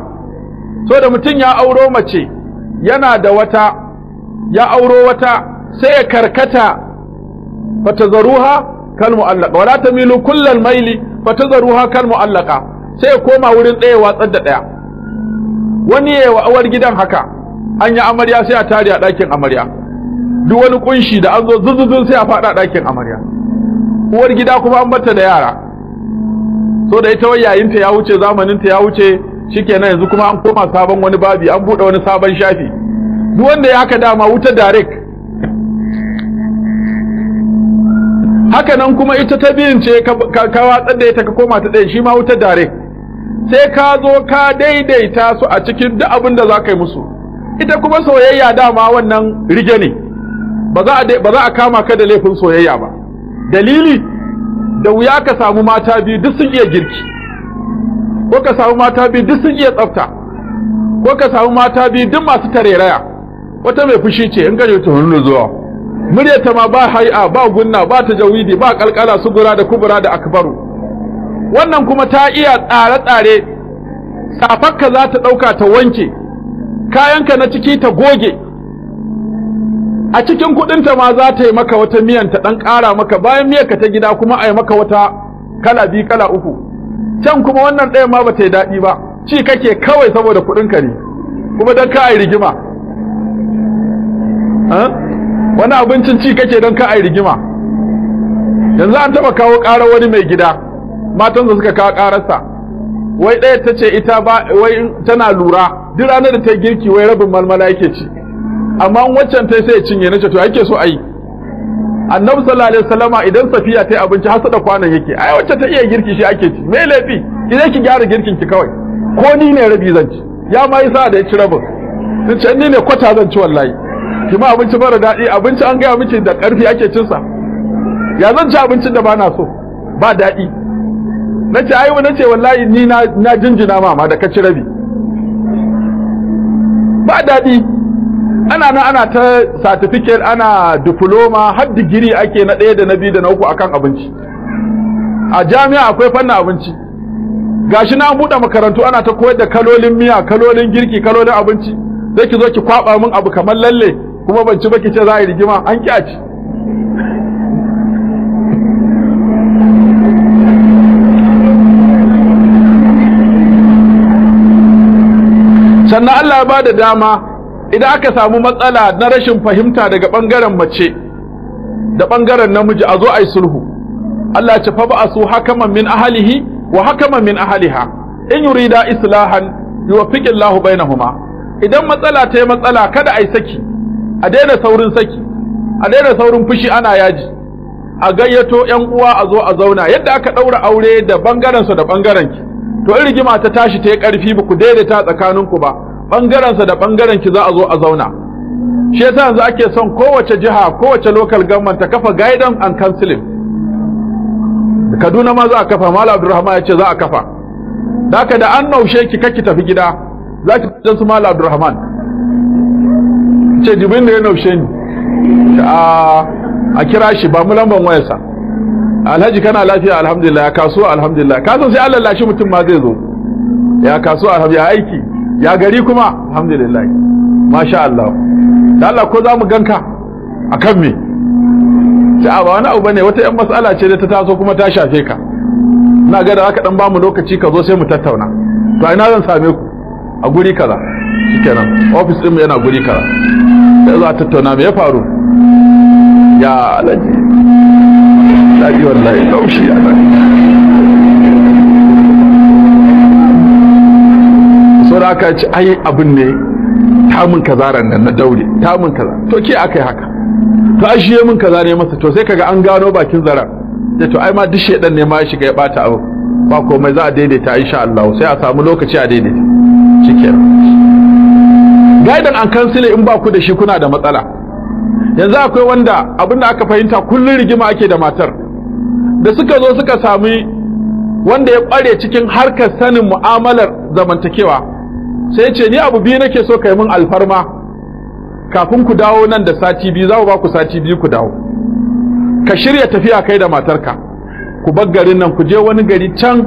so da mutum ya auro mace yana da wata ya auro wata sai ya karkata fatazruha kal mu'allaka wala tamilu kullal maili fatazruha kal mu'allaka sai ya koma wurin ɗaya watsar da ɗaya wani yayi awar gidan haka an yi amarya sai a tare a ɗakin amarya duk wani kunshi da an zo zuzuzun sai a faɗa ɗakin amarya uwar gida kuma an bata da yara so da ita wayayinta ya wuce zamaninta ya wuce shikenan yanzu kuma an koma sabon wani babi an bude wani sabon shafi duk wanda ya haka dama wuta direct haka nan kuma ita ta biyin ce ka watsar da ita ka koma ta ɗaya shi ma wuta direct sai ka zo ka daidaita su a cikin duk abin da za ka yi musu ita kuma soyayya dama wannan rige ne ba za a kama ka da laifin soyayya ba dalili da wuya ka samu mata biyu duk sun iya girki ko ka samu mata biyu duk sun iya tsafta ko ka samu mata biyu duk masu tareraya wata mai fushi ce in gaje ta hannu zuwa muryarta ma ba hai'a ba gunna ba tajawidi ba kalkala sugura da kubura da akbaru wannan kuma ta iya tsare-tsare safarka za ta ɗauka ta wanke kayanka na ciki ta goge a cikin kuɗinta ma za ta yi maka wata miyan ta ɗan ƙara maka bayan ka ta gida kuma a yi maka wata kala biyu kala uku can kuma wannan ɗaya ma bata yi daɗi ba ci kake kawai saboda kuɗinka ne kuma don ka a yi rigima wani abincin ci kake don ka a yi rigima yanzu an taba kawo ƙara wani mai gida matansa suka kawo ƙararsa wai ɗaya ta ce ita ba wai tana lura duk ranar da ta girki wai rabin malmala yake ci amma wancan ta sai ya cinye na ce to ake so ai annabi sallallahu alaihi wasallama idan safiya ta abinci har da kwanan yake ai wacce ta iya girki shi ake ci me laifi idan ki gyara girkin ki kawai ko ni ne rabi zan ci ya ma yi sa da ya ci rabin sun ce ni ne kwata zan ci wallahi ki ma abinci mara daɗi abinci an gaya miki da ƙarfi ake cin sa ya zan ci abincin da ba na so ba daɗi na ce ai na ce wallahi ni na jinjina mama da ka ci rabi ba daɗi ana nan ana ta certificate ana diploma har digiri ake na ɗaya da na biyu da na uku akan abinci a jami'a akwai fannin abinci gashi na buɗe makarantu ana ta koyar da kalolin miya kalolin girki kalolin abinci sai ki zo ki kwaɓa min abu kamar lalle kuma ban ci ba ki ce za a yi rigima an ki ci sannan Allah ya bada dama idan aka samu matsala na rashin fahimta daga ɓangaren mace da ɓangaren namiji a zo a yi sulhu Allah ce fa ba'asu hakaman min ahalihi wa hakaman min ahaliha in yurida islahan na bainahuma idan matsala ta yi matsala kada a yi saki a daina saurin saki a daina saurin fushi ana yaji a gayyato yan uwa a zo a zauna yadda aka ɗaura aure da bangaren da bangaren ki to in rigima ta tashi ta yi ƙarfi ba ku daidaita tsakaninku ba bangarensa da bangaren ki za a zo a zauna shi yasa yanzu ake son kowace jiha kowace local government ta kafa guidance and counseling Kaduna ma za a kafa Malam Abdulrahman ya ce za a kafa daka da an naushe ki ki tafi gida za ki tafi su Malam Abdulrahman ce dubin da ya naushe ni a a kira shi ba mu lamban wayarsa Alhaji kana lafiya alhamdulillah ya kasuwa alhamdulillah kasan sai Allah lashi mutum ma zai zo ya kasuwa alhamdulillah aiki ya gari kuma alhamdulillah masha Allah da Allah ko za mu ganka akan me ta ba wani abu bane wata yan mas'ala ce da ta taso kuma ta shafe ka ina ga da aka dan bamu lokaci ka zo sai mu tattauna to ina zan same ku a guri kaza shikenan office din mu yana guri kaza sai za tattauna me ya faru ya alaji lafiya wallahi laushi ya saboda aka ci ayi abin ne tamun kazaran nan na daure tamun kaza to ke aka haka to ai shi mun kaza ne masa to sai kaga an gano bakin zarar sai to ai ma duk shedan ne ma ya shiga ya bata abu ba komai za a daidaita insha Allah sai a samu lokaci a daidaita shikenan gaidan an kansile in ba ku da shi kuna da matsala yanzu akwai wanda abin da aka fahimta kullun rigima ake da matar da suka zo suka sami wanda ya kware cikin harkar sanin mu'amalar zamantakewa sai ce ni abu biyu nake so kai mun alfarma kafin ku dawo nan da sati biyu za ku ba ku sati biyu ku dawo ka shirya tafiya kai da matarka ku bar garin nan ku je wani gari can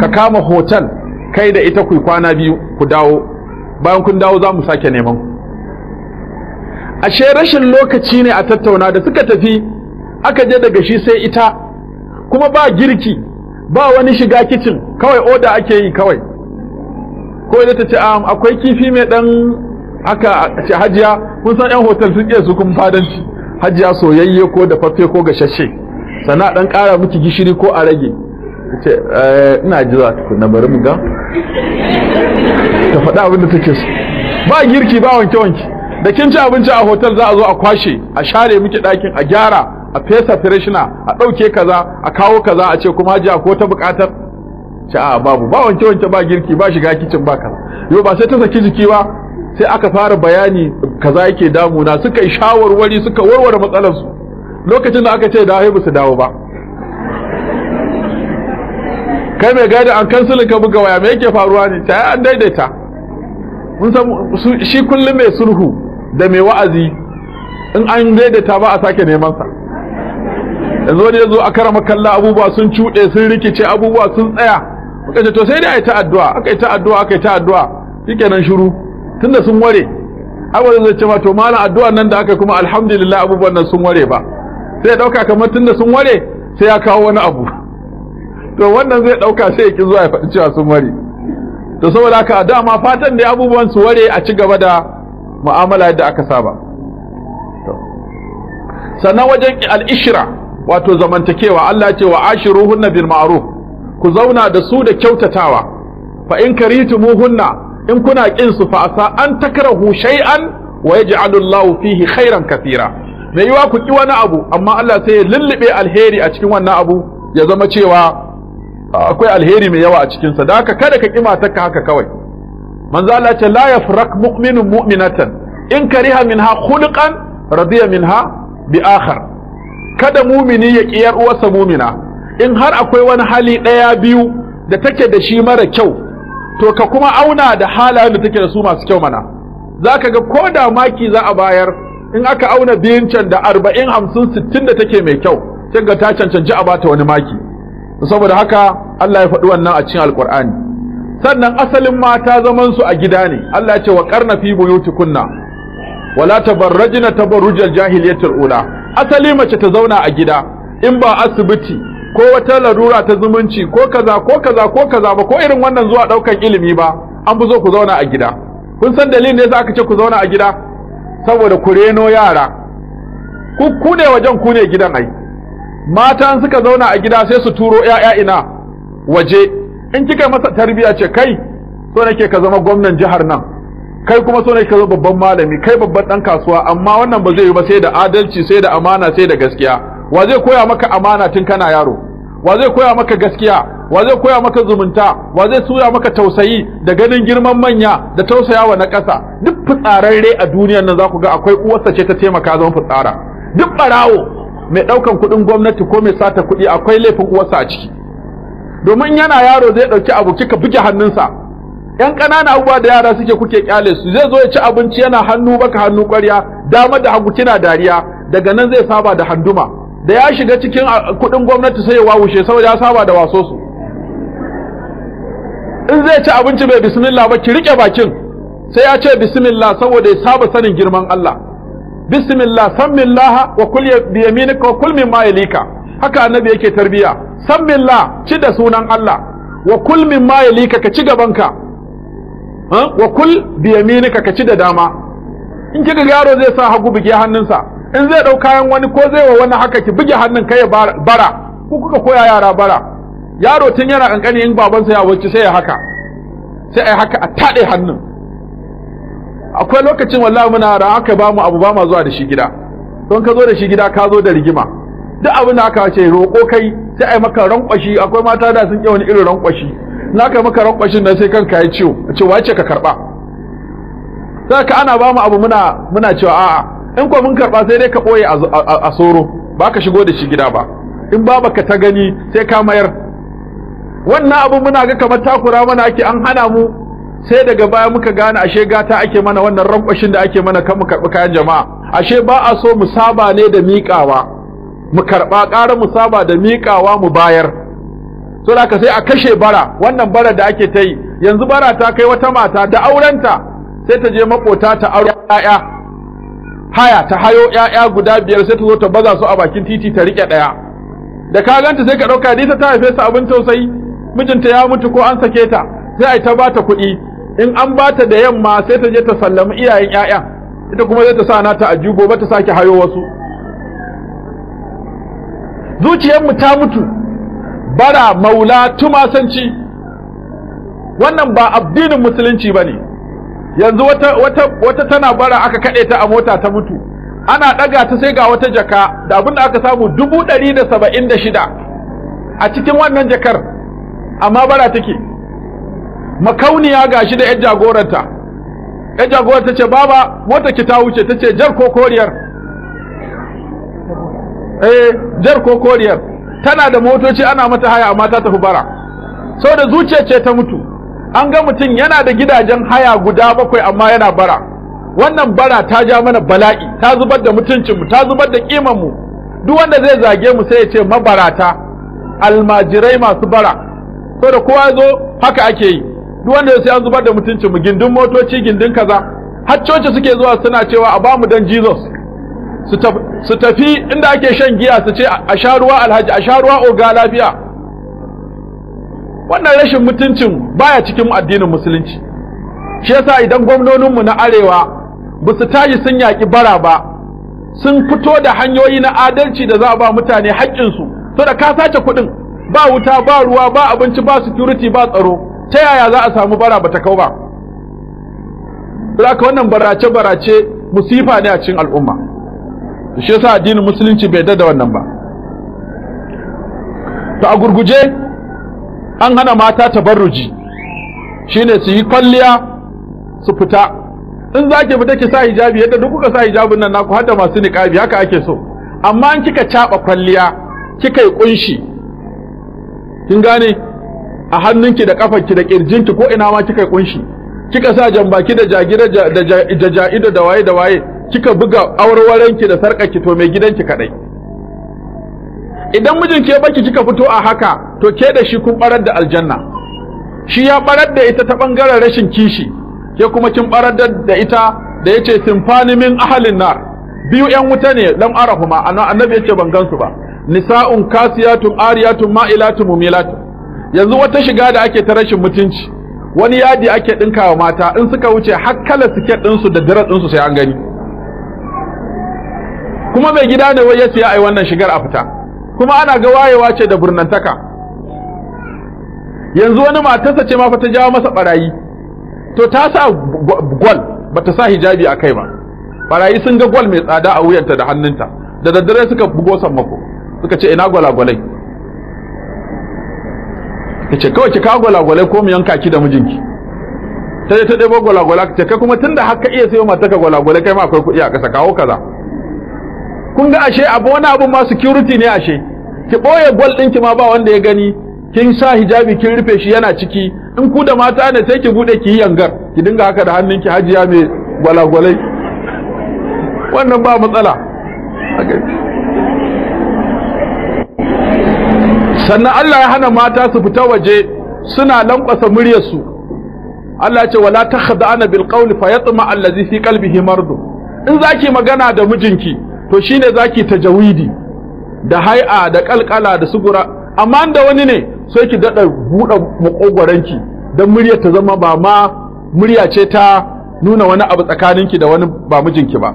ka kama hotel kai da ita ku kwana biyu ku dawo bayan kun dawo za mu sake neman ashe rashin lokaci ne a tattauna da suka tafi aka je daga shi sai ita kuma ba girki ba wani shiga kicin kawai oda ake yi kawai ko ita ta ce ah, akwai kifi mai dan haka hajiya kun san yan hotel sun iya su kun fadanci hajiya soyayye ko dafaffe ko gashashe sana dan kara miki gishiri ko a rage ce eh, ina jira na bari mu ga ta faɗa abin da take so ba girki ba wanke wanke da kin ci abinci a hotel za a zo a kwashe a share miki ɗakin a gyara a fesa firishina a ɗauke kaza a kawo kaza a ce kuma hajiya ko ta buƙatar ce a babu ba wanke wanke ba girki ba shiga kicin ba kaza yau ba sai ta saki jiki ba sai aka fara bayani kaza yake damuna suka yi shawarwari suka warware matsalarsu lokacin da aka ce da ba su dawo ba kai mai gadi an kansulin ka buga waya me yake faruwa ne ta an daidaita mun san shi kullum mai sulhu da mai wa'azi in an daidaita ba a sake neman sa yanzu wani zo a karama kalla abubuwa sun cuɗe sun rikice abubuwa sun tsaya muka ce to sai dai a yi ta addu'a aka yi ta addu'a aka yi ta addu'a shikenan shiru tunda sun ware abu zai ce ma to malam addu'a nan da aka kuma alhamdulillah abubuwan nan sun ware ba sai ya dauka kamar tunda sun ware sai ya kawo wani abu to wannan zai dauka sai ya ki zuwa ya faɗi cewa sun ware to saboda haka dama fatan da abubuwan su ware a ci gaba da mu'amala yadda aka saba sannan wajen al'ishira wato zamantakewa Allah ce wa ashiruhunna bil ma'ruf ku zauna da su da kyautatawa fa in karitumuhunna in kuna kin su fa asa an takrahu shay'an wa yaj'alu fihi khairan kathira mai yiwa ku ki wani abu amma Allah sai ya lullube alheri a cikin wannan abu ya zama cewa akwai alheri mai yawa a cikin sa da haka kada ka kima ta haka kawai manzo Allah ce la yafrak mu'minun mu'minatan in kariha minha khuluqan radiya minha bi akhar kada mumini ya kiyar uwarsa mumina in har akwai wani hali ɗaya biyu da take da shi mara kyau to ka kuma auna da halayen da take da su masu kyau mana za ka ga ko da maki za a bayar in aka auna biyun can da arba'in hamsin sittin da take mai kyau sai ga ta cancanci a bata wani maki saboda haka Allah ya faɗi wannan a cikin alkur'ani sannan asalin mata zaman su a gida ne Allah ya ce wa karna fi buyutikunna wala tabarrajna tabarrujal jahiliyatul ula asali mace ta zauna a gida in ba asibiti ko wata larura ta zumunci ko kaza ko kaza ko kaza ba ko irin wannan zuwa daukan ilimi ba an buzo ku zauna a gida kun san dalilin yasa aka ce ku zauna a gida saboda ku reno yara ku ku ne wajen ku ne gidan ai mata suka zauna a gida sai su turo 'ya'ya ina waje in kika masa tarbiyya ce kai so nake ka zama gwamnan jihar nan kai kuma so nake ka zama babban malami kai babban dan kasuwa amma wannan ba zai yi ba sai da adalci sai da amana sai da gaskiya wa zai koya maka amana tun kana yaro wa zai koya maka gaskiya wa zai koya maka zumunta wa zai suya maka tausayi da ganin girman manya da tausayawa na ƙasa duk fitsararre a duniyar nan za ku ga akwai uwarsa ce ta taimaka zama fitsara duk barawo mai ɗaukan kuɗin gwamnati ko mai sata kuɗi akwai laifin uwarsa a ciki domin yana yaro zai ɗauki abu kika buge hannunsa yan ƙanana abubuwa da yara suke kuke kyale su zai zo ya ci abinci yana hannu baka hannu ƙwarya dama da hagu kina dariya daga nan zai saba da handuma da ya shiga cikin ah, kudin gwamnati sai ya wawushe saboda ya saba da waso su in zai ci abinci bai bismillah ba ki rike bakin sai ya ce bismillah saboda ya saba sanin girman Allah bismillah sammillaha wa kul bi yaminika wa kul mimma yalika haka annabi yake tarbiya sammillah ci da sunan Allah wa kul mimma yalika ka ci gabanka wa kul bi yaminika ka ci da dama in kika yaro zai sa hagu bige hannunsa in zai ɗau kayan wani ko zai wa wani haka ki buge hannun kai ya bara ku kuka koya yara bara yaro tun yana kankani in babansa ya wuce sai ya haka sai ai haka a taɗe hannun akwai lokacin wallahi muna da aka ba mu abu ba ma zuwa da shi gida don ka zo da shi gida ka zo da rigima duk abin da aka ce roƙo kai sai ai maka rankwashi akwai mata da sun ƙi wani irin rankwashi na kai maka rankwashin nan sai kanka ya ciwo a ce wace ka karba sai ka ana ba mu abu muna muna cewa a'a in ko mun karba sai dai ka boye a soro ba ka shigo da shi gida ba in baba ka ta gani sai ka mayar wannan abu muna ga kamar takura mana ake an hana mu sai daga baya muka gane ashe gata ake mana wannan rankwashin da ake mana kan mu karbi kayan jama'a ashe ba a so mu saba ne da miƙawa mu karɓa ƙara mu saba da miƙawa mu bayar so da sai a kashe bara wannan bara da ake ta yi yanzu bara ta kai wata mata da aurenta sai ta je makota ta aure 'ya'ya haya ta hayo ƴaƴa guda biyar sai ta zo ta baza su a bakin titi ta rike ɗaya da ka ganta sai ka ɗauka dita ta haife su abin tausayi mijinta ya mutu ko an sake ta sai ai ta bata kuɗi in an bata da yamma sai ta je ta sallami iyayen ƴaƴan ita kuma zai ta sa nata a jugo ba ta sake hayo wasu zuciyarmu ta mutu bara maula tumasanci wannan ba addinin musulunci ba ne yanzu wata wata wata tana bara aka kade ta a mota ta mutu ana daga ta sai ga wata jaka da abin da aka samu dubu da saba'in da shida a cikin wannan jakar amma bara take makauniya gashi da yan jagoranta yan jagoranta ce baba mota ki ta wuce ta ce jar ko koriyar eh jar ko koriyar tana da motoci ana mata haya amma ta tafi bara saboda zuciya ce ta mutu an ga mutum yana da gidajen haya guda bakwai amma yana bara wannan bara ta ja mana bala'i ta zubar da mutuncinmu ta zubar da kimanmu duk wanda zai zage mu sai ya ce mabarata almajirai masu bara da kowa zo haka ake yi duk wanda zai an zubar da mutuncinmu gindin motoci gindin kaza har coci suke zuwa suna cewa a bamu dan jesus su tafi inda ake shan giya su ce a sha alhaji a sha ruwa oga lafiya wannan rashin mutuncin baya cikin addinin musulunci shi yasa idan mu na arewa ba su tashi sun yaki bara ba sun fito da hanyoyi na adalci da za a ba mutane haƙƙinsu to da ka sace kuɗin ba wuta ba ruwa ba abinci ba security ba tsaro ta yaya za a samu bara ba ta kau ba ka wannan barace barace musifa ne a cikin al'umma shi yasa addinin musulunci bai da wannan ba to a gurguje an hana mata tabarruji shine su yi kwalliya su fita in za ki fita ki sa hijabi yadda duk kuka sa hijabin nan naku hadda masu niqabi haka ake so amma in kika caɓa kwalliya kika yi kunshi kin gane a hannunki da kafanki da kirjinki ko ina ma kika yi kunshi kika sa jambaki da jagira da ja'ido da waye da waye kika buga aurwarenki da sarƙarki to mai gidanki kaɗai? idan mijinki ya baki kika fito a haka to ke da shi kun barar da aljanna shi ya barar da ita ta bangaren rashin kishi ke kuma kin barar da ita da yace simfani min ahlin nar biyu yan wuta ne lam arahuma annabi yace ban gansu ba nisa'un kasiyatun ariyatun ma'ilatun mumilatun yanzu wata shiga da ake ta rashin mutunci wani yadi ake dinka wa mata in suka wuce har kala suke dinsu da dare dinsu sai an gani kuma mai gida ne wai yace ya ai wannan shigar a fita kuma ana ga wayewa ce da burnantaka yanzu wani matarsa ce ma fa ta jawo masa barayi to ta sa gwal ta sa hijabi a kai ba barayi sun ga gwal mai tsada a wuyanta da hannunta da daddare suka bugo sammako suka ce ina gwalagwalai ta ce kawai ki kawo gwalagwalai ko mu yanka ki da mijinki ta je ta ɗebo gwalagwala ta kai kuma tunda haka iya sayo mata ka gwalagwalai kai ma akwai kuɗi a ƙasa kawo kaza kun ga ashe abu wani abu ma security ne ashe ki ɓoye gwal ɗinki ma ba wanda ya gani kin sa hijabi kin rufe shi yana ciki in ku da mata ne sai ki bude ki yangar ki dinga haka da hannunki hajiya mai gwalagwalai wannan ba matsala sannan Allah ya hana mata su fita waje suna lankwasa muryarsu Allah ya ce wala takhda'ana bil qawli fayatma allazi fi qalbihi mardu in zaki magana da mijinki to shine zaki tajawidi da hai'a da kalkala da sugura amma da wani ne sai ki daɗa buɗe makogwaranki don muryar ta zama ba ma murya ce ta nuna wani abu tsakaninki da wani ba mijinki ba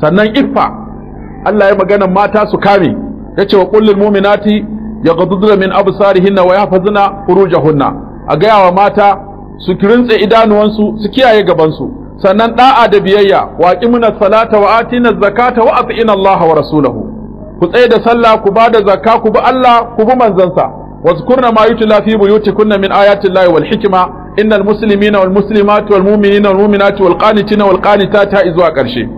sannan iffa Allah ya magana mata su kame ya ce wa ƙullin muminati ya gadudna min absarihinna wa Kuruja, furujahunna a gaya wa mata su kirintse idanuwansu su kiyaye gabansu sannan da'a da biyayya wa qimna salata wa na zakata wa atina Allah wa rasulahu ku tsaye da sallah ku ba da zakka ku bi Allah ku bi manzansa واذكرن ما يتلى في بيوتكن من آيات الله والحكمة إن المسلمين والمسلمات والمؤمنين والمؤمنات والقانتين والقانتات إذوا قرشي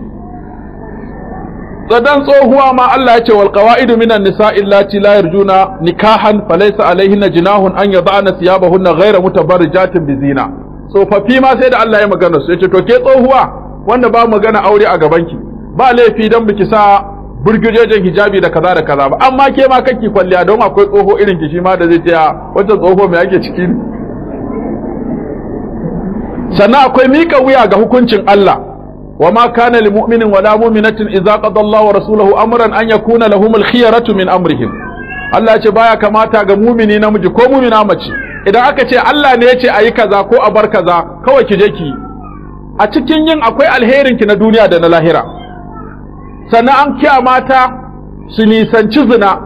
tsadan tsohuwa ma Allah ya ce wal qawaidu minan nisa allati la yarjuna nikahan falaysa alaihinna jinahun an yad'ana thiyabahunna ghayra mutabarrijatin bizina tsofaffi ma sai da Allah ya magana su yace to ke tsohuwa wanda ba magana aure a gaban ki? ba laifi dan biki sa burgujejen hijabi da kaza da kaza ba amma ke ma kake kwalliya don akwai tsoho irin ki shi ma da zai ce wata tsoho mai ake ciki sannan akwai mika wuya ga hukuncin Allah wa ma kana lil mu'minin wala mu'minatin idza qada Allahu wa rasuluhu amran an yakuna lahum al khiyaratu min amrihim Allah ce baya kamata ga mumini namiji ko mumina mace idan aka ce Allah ne ya ce ayi kaza ko a bar kaza kawai ki je ki a cikin yin akwai alherin ki na duniya da na lahira sannan an kiya mata su nisanci zina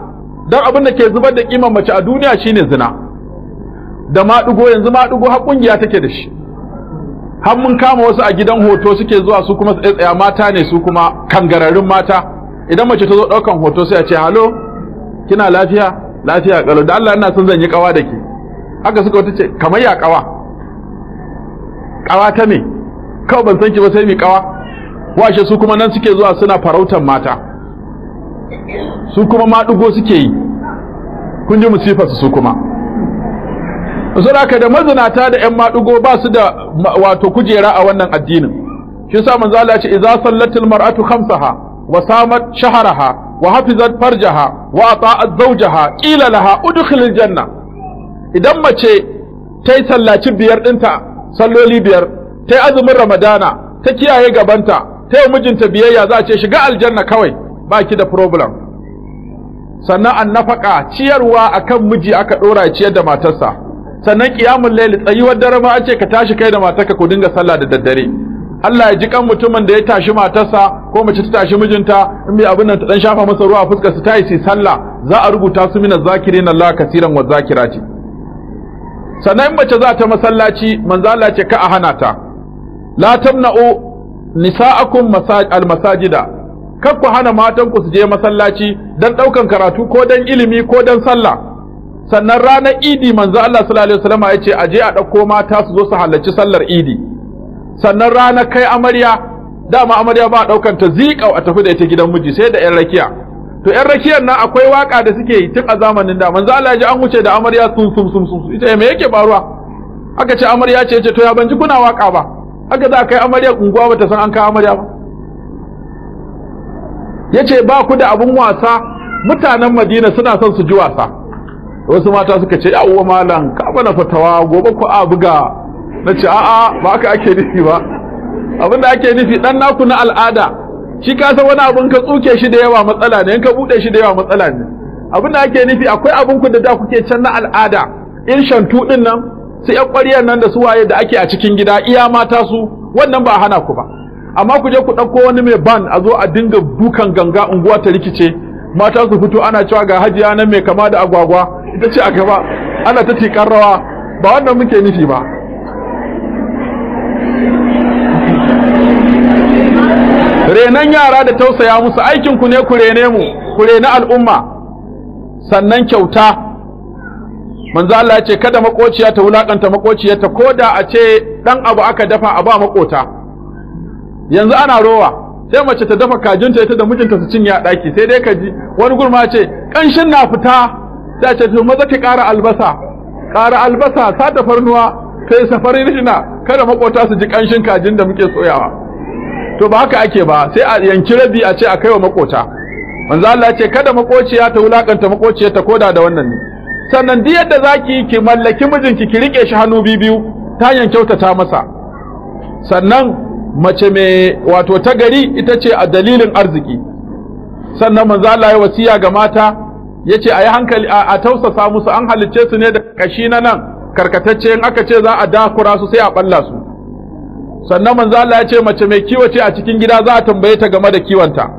don abin da ke zubar da kiman mace a duniya shine zina da maɗugo yanzu maɗugo har ƙungiya take da shi har mun kama wasu a gidan hoto suke zuwa su kuma tsaya mata ne su kuma kangararrun mata idan mace ta zo ɗaukan hoto sai a ce halo kina lafiya lafiya kalau da Allah ina son zan yi kawa da ke haka suka wata ce kamar ya kawa kawa ta me kawai ban san ki ba sai mi kawa Washe su kuma nan suke zuwa suna farautar mata su kuma maɗugo suke yi kun ji musifarsu su kuma saboda da mazinata da 'yan maɗugo ba su da wato kujera a wannan addinin shi sa manzo Allah ya ce idza sallatil mar'atu khamsaha wa samat shahraha wa hafizat farjaha wa ata'at zawjaha qila laha udkhilil janna idan mace ta yi sallaci biyar ɗinta salloli biyar ta yi azumin ramadana ta kiyaye gabanta ta yi mijinta biyayya za a ce shiga aljanna kawai ba ki da problem sannan an nafaka ciyarwa akan miji aka ɗora ya ciyar da matarsa sannan ƙiyamun laili tsayuwar dare ma an ce ka tashi kai da matarka ku dinga sallah da daddare Allah ya ji kan mutumin da ya tashi matarsa ko mace ta tashi mijinta in bai abin nan ta dan shafa masa ruwa fuskar su tayi su sallah za a rubuta su minan zakirin Allah kasiran wa zakirati sannan mace za ta masallaci manzo Allah ce ka a hana ta la tamna'u nisa'akum almasajida kar ku hana matan ku su je masallaci dan daukan karatu ko dan ilimi ko dan sallah sannan ranar idi manzo Allah sallallahu alaihi wasallam ya ce a je a dauko mata su zo su halarci sallar idi sannan rana kai amarya dama amarya ba daukan ta zika a tafi da ita gidan miji sai da yan rakiya to yan rakiyar nan akwai waka da suke yi tun a zamanin da manzo Allah ya ji an wuce da amarya sun sun sun ita me yake baruwa aka ce amarya ce ce to ya ban ji kuna waka ba haka za a kai amarya unguwa bata san an kai amarya ba yace ba ku da abun wasa mutanen Madina suna son su ji wasa wasu mata suka ce yawwa malam ka bana fatawa gobe ku a buga nace a'a ba haka ake nufi ba Abin da ake nufi dan naku na al'ada shi ka san wani abun ka tsuke shi da yawa matsala ne in ka bude shi da yawa matsala ne da ake nufi akwai abun ku da da kuke can na al'ada in shantu din nan su ƴan ƙwariyar nan da su waye da ake a cikin gida iya mata su wannan ba hana ku ba amma ku je ku ɗauko wani mai ban a zo a dinga dukan ganga unguwa ta rikice mata su fito ana cewa ga hajiya nan mai kama da agwagwa ita ce a gaba ana ta tikar rawa ba wannan muke nufi ba renan yara da tausaya musu aikin ku ne ku rene mu ku rene al'umma sannan kyauta manzo Allah ya ce kada makociya ta wulakanta makociyarta ko da a ce dan abu aka dafa a ba makota yanzu ana rowa sai mace ta dafa kajinta ita da mijinta su cinye a daki sai dai ka ji wani gurma ce kanshin na fita sai ce to maza ki ƙara albasa ƙara albasa sa ta farnuwa, sai safari rishina kada makota su ji kanshin kajin da muke soyawa to ba haka ake ba sai a yanki rabi a ce a kaiwa makota manzo Allah ya ce kada makociya ta wulakanta makociyarta koda da wannan ne sannan duk yadda zaki ki mallaki mijinki ki rike shi hannu biyu ta hanyar kyautata masa sannan mace mai wato ta gari ita ce a dalilin arziki sannan manzo Allah ya wasiya ga mata yace ayi hankali a tausasa musu an halicce su ne da kashi na nan karkatacce in aka ce za a dakura su sai a balla su sannan manzo Allah ya ce mace mai kiwo ce a cikin gida za a tambaye ta game da kiwonta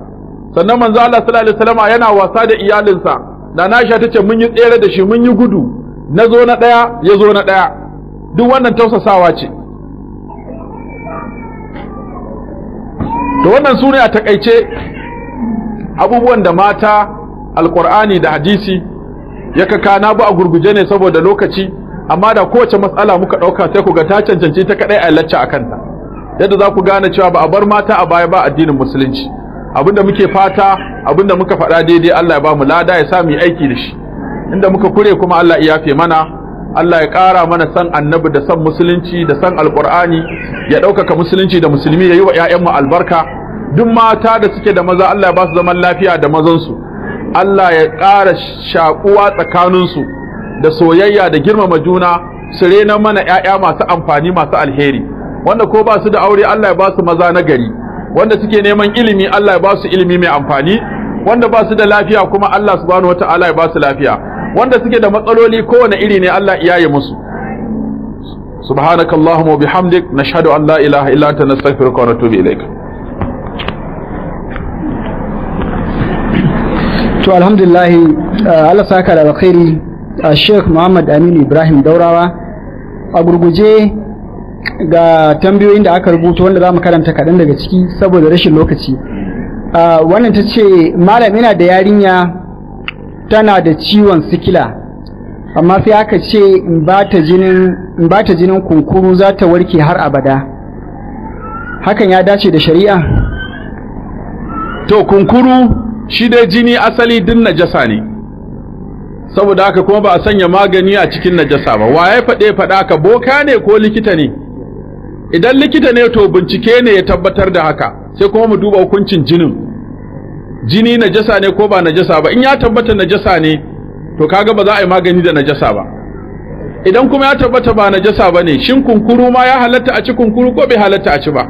sannan manzo Allah sallallahu alaihi wasallam yana wasa da iyalinsa da na sha tace mun yi tsere da shi mun yi gudu na zo na ɗaya ya zo na ɗaya duk wannan tausasawa ce Da wannan su ne a takaice abubuwan da mata alkur'ani da hadisi ya kaka na bu a gurguje ne saboda lokaci amma da kowace matsala muka ɗauka sai ku ga ta cancanci ta kaɗai a lacca a kanta yadda za ku gane cewa ba a bar mata a baya ba addinin musulunci abinda muke fata abinda muka faɗa daidai Allah ya bamu lada ya sa mu aiki da shi inda muka kure kuma Allah ya yafe mana Allah ya ƙara mana san annabi da san musulunci da san alƙur'ani ya ɗaukaka musulunci da musulmi ya yi wa 'ya'yanmu albarka duk mata da suke da maza Allah ya ba su zaman lafiya da mazansu Allah ya ƙara shaƙuwa tsakaninsu da soyayya da girmama juna su rena mana 'ya'ya masu amfani masu alheri wanda ko ba su da aure Allah ya ba su maza na gari wanda suke neman ilimi Allah ya ba su ilimi mai amfani wanda ba su da lafiya kuma Allah subhanahu wataala ya ba su lafiya wanda suke da matsaloli kowane iri ne Allah ya yi musu subhanakallahumma wa bihamdik nashhadu an la ilaha illa anta nastaghfiruka wa natubu ilaik to alhamdulillah uh, Allah saka da alkhairi uh, Sheikh Muhammad Aminu Ibrahim Daurawa a gurguje ga tambayoyin da aka rubuta wanda za mu karanta kaɗan daga ciki saboda rashin lokaci wannan ta ce malam ina da yarinya tana da ciwon sikila amma sai aka ce in ba ta jinin kunkuru za ta warke har abada hakan ya dace da shari'a to kunkuru shi dai jini asali din najasa ne saboda haka kuma ba a sanya magani a cikin najasa ba waye faɗe faɗa ka boka ne ko likita ne idan likita ne to bincike ne ya tabbatar da haka sai kuma mu duba hukuncin jinin jini najasa ne ko ba najasa ba in ya tabbata najasa ne to kaga ba za a yi magani da najasa ba idan kuma ya tabbata ba najasa ba ne shin kunkuru ma ya halatta a ci kunkuru ko bai halatta a ci ba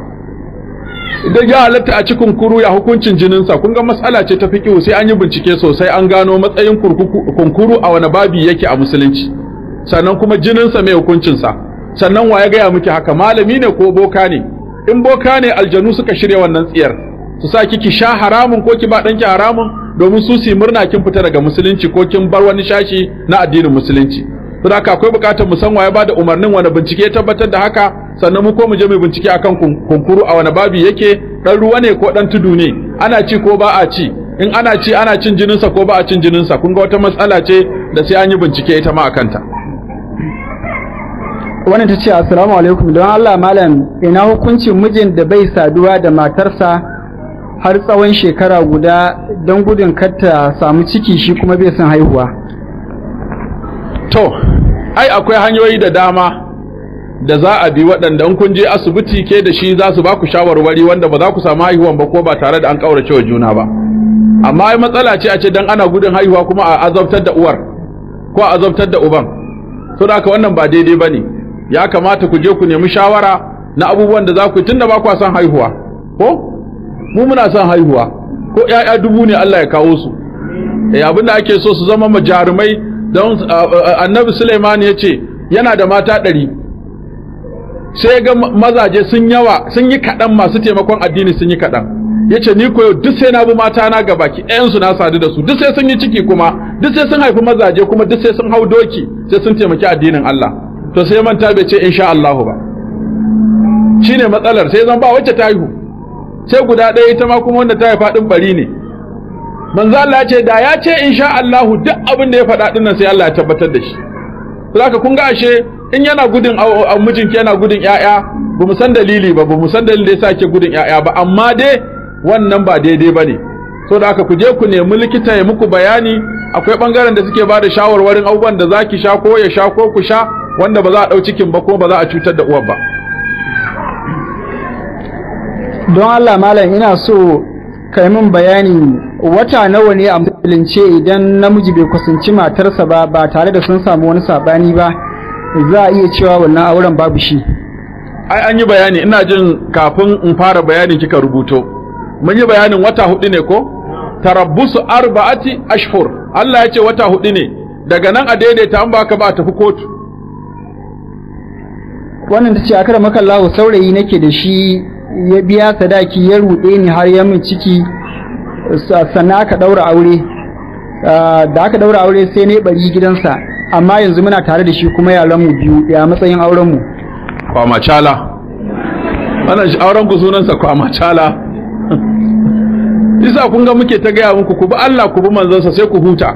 idan ya halatta a ci kunkuru ya hukuncin jininsa kun ga matsala ce ta fiƙihu sai an yi bincike sosai an gano matsayin kunkuru a wani babi yake a musulunci sannan kuma jininsa mai hukuncinsa sannan wa ya gaya miki haka malami ne ko boka ne in boka ne aljanu suka shirya wannan tsiyar su sa ki sha haramun ko ki ba danki haramun domin su su murna kin fita daga musulunci ko kin bar wani shashi na addinin musulunci don haka akwai bukatar mu san wa ya bada umarnin wani bincike ya tabbatar da haka sannan mu ko mu je mu bincike akan kunkuru a wani babi yake dan ruwa ne ko dan tudu ne ana ci ko ba a ci in ana ci ana cin jininsa ko ba a cin jininsa kun ga wata matsala ce da sai an yi bincike ita ma a akanta wani ta ce assalamu alaikum don Allah malam ina hukuncin mijin da bai saduwa da matarsa har tsawon shekara guda don gudun ta samu ciki shi kuma bai son haihuwa to ai akwai hanyoyi da dama da za a bi waɗanda in kun je asibiti ke da shi za su ba ku shawarwari wanda ba za ku samu haihuwan ba ko ba tare da an ƙaurace wa juna ba amma ai matsala ce a ce dan ana gudun haihuwa kuma a azabtar da uwar ko a azabtar da uban saboda ka wannan ba daidai ba ne ya kamata ku je ku nemi shawara na abubuwan da za ku yi tun da ba kwa son haihuwa ko mu muna son haihuwa ko yaya dubu ne Allah ya kawo su eh abin da ake so su zama majarumai don annabi Sulaiman ya ce yana da mata ɗari sai ga mazaje sun yawa sun yi kaɗan masu taimakon addini sun yi kaɗan ya ce ni koyo duk sai na bi mata na ga baki ɗayansu na sadu da su duk sai sun yi ciki kuma duk sai sun haifi mazaje kuma duk sai sun hau doki sai sun taimaki addinin Allah to sai manta bai ce insha Allahu ba ne matsalar sai zan ba wacce ta haihu sai guda ɗaya ita ma kuma wanda ta haifa ɗin bari ne manzo Allah ya ce da ya ce insha Allahu duk abin da ya faɗa din sai Allah ya tabbatar da shi saboda kun ga ashe in yana gudun ki yana gudun ƴaƴa ba mu san dalili ba ba mu san dalilin da yasa ke gudun ƴaƴa ba amma dai wannan ba daidai bane so da haka ku je ku nemi likita ya muku bayani akwai bangaren da suke bada shawarwarin abubuwan da zaki sha ko ya sha ko ku sha wanda ba za a ɗau cikin ba ko ba za a cutar da uwar ba don Allah malam ina so kaimin bayani wata nawa ne a musulunce idan namiji bai kusanci matarsa ba ba tare da sun samu wani sabani ba za a iya cewa wannan auren babu shi ai an yi bayani ina jin kafin in fara bayani kika rubuto mun yi bayanin wata hudu ne ko tarabbusu arba'ati ashhur Allah ya ce wata hudu ne daga nan a daidaita an ka ba a tafi kotu wannan ta ce a kada makallahu saurayi nake da shi ya biya sadaki ya ruɗe ni har ya min ciki sannan aka ɗaura aure ah, da aka ɗaura aure sai ne bari gidansa amma yanzu muna tare da shi kuma yaran mu biyu ya matsayin auren mu kwamacala wannan auren ku sunansa kwamacala isa kun ga muke ta gaya muku ku bi Allah ku bi manzansa sai ku huta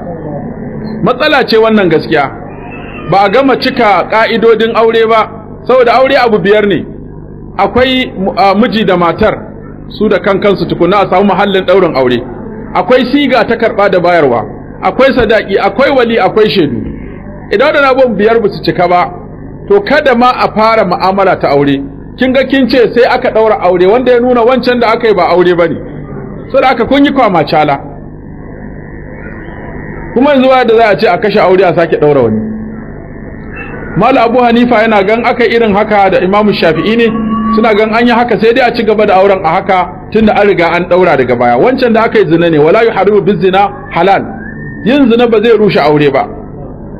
matsala ce wannan gaskiya ba a gama cika ka'idodin aure ba saboda aure abu biyar ne akwai miji da matar su da kan kansu tukuna a samu mahallin ɗaurin aure akwai siga ta karɓa da bayarwa akwai sadaki akwai wali akwai shaidu idan da nabon biyar ba su cika ba to kada ma a fara mu'amala ta aure kin ga kin ce sai aka ɗaura aure wanda ya nuna wancan da aka yi ba aure ba ne saboda aka kun yi kwama cala kuma yanzu da za a ce a kashe aure a sake ɗaura wani mal abu hanifa yana gan aka irin haka da imamu shafi'i ne suna gan an yi haka sai dai a ci gaba da auren a haka tunda an riga an ɗaura daga baya wancan da aka yi zina ne wala yuharibu bizina halal yin zina ba zai rushe aure ba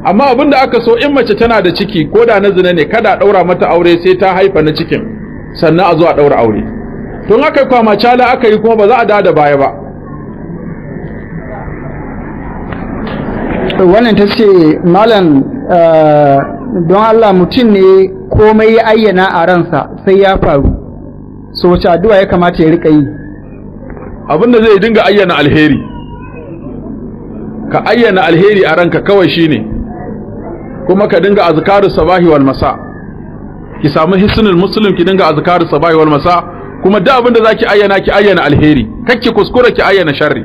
amma abin da aka so in mace tana da ciki ko da na zina ne kada a ɗaura mata aure sai ta haifa na cikin sannan a zo a daura aure tun aka yi kwamacala aka yi kuma ba za a da baya ba wannan ta ce malam eh, don Allah mutum ne komai ya ayyana a ransa sai ya faru so wace addu'a ya kamata ya rika yi abinda zai dinga ayyana alheri ka ayyana alheri a ranka kawai shine kuma ka dinga azkaru sabahi wal masa ki samu hisnul muslim ki dinga azkaru sabahi wal masa kuma duk abinda zaki ayyana ki ayyana alheri kakki kuskura ki ayyana sharri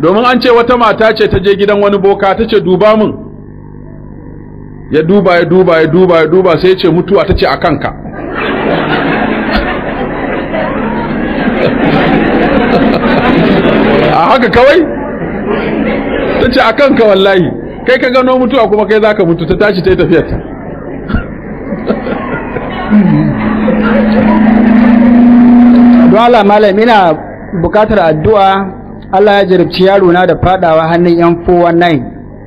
domin an ce wata mata ce ta je gidan wani boka ta ce duba min ya duba ya duba ya duba ya duba sai ya ce mutuwa ta ce a kanka a haka kawai ta ce a kanka wallahi kai ka gano mutuwa kuma kai za ka mutu ta tashi ta yi tafiyarta Dole malam ina bukatar addu'a Allah ya jarabci yaro na da fadawa hannun yan 419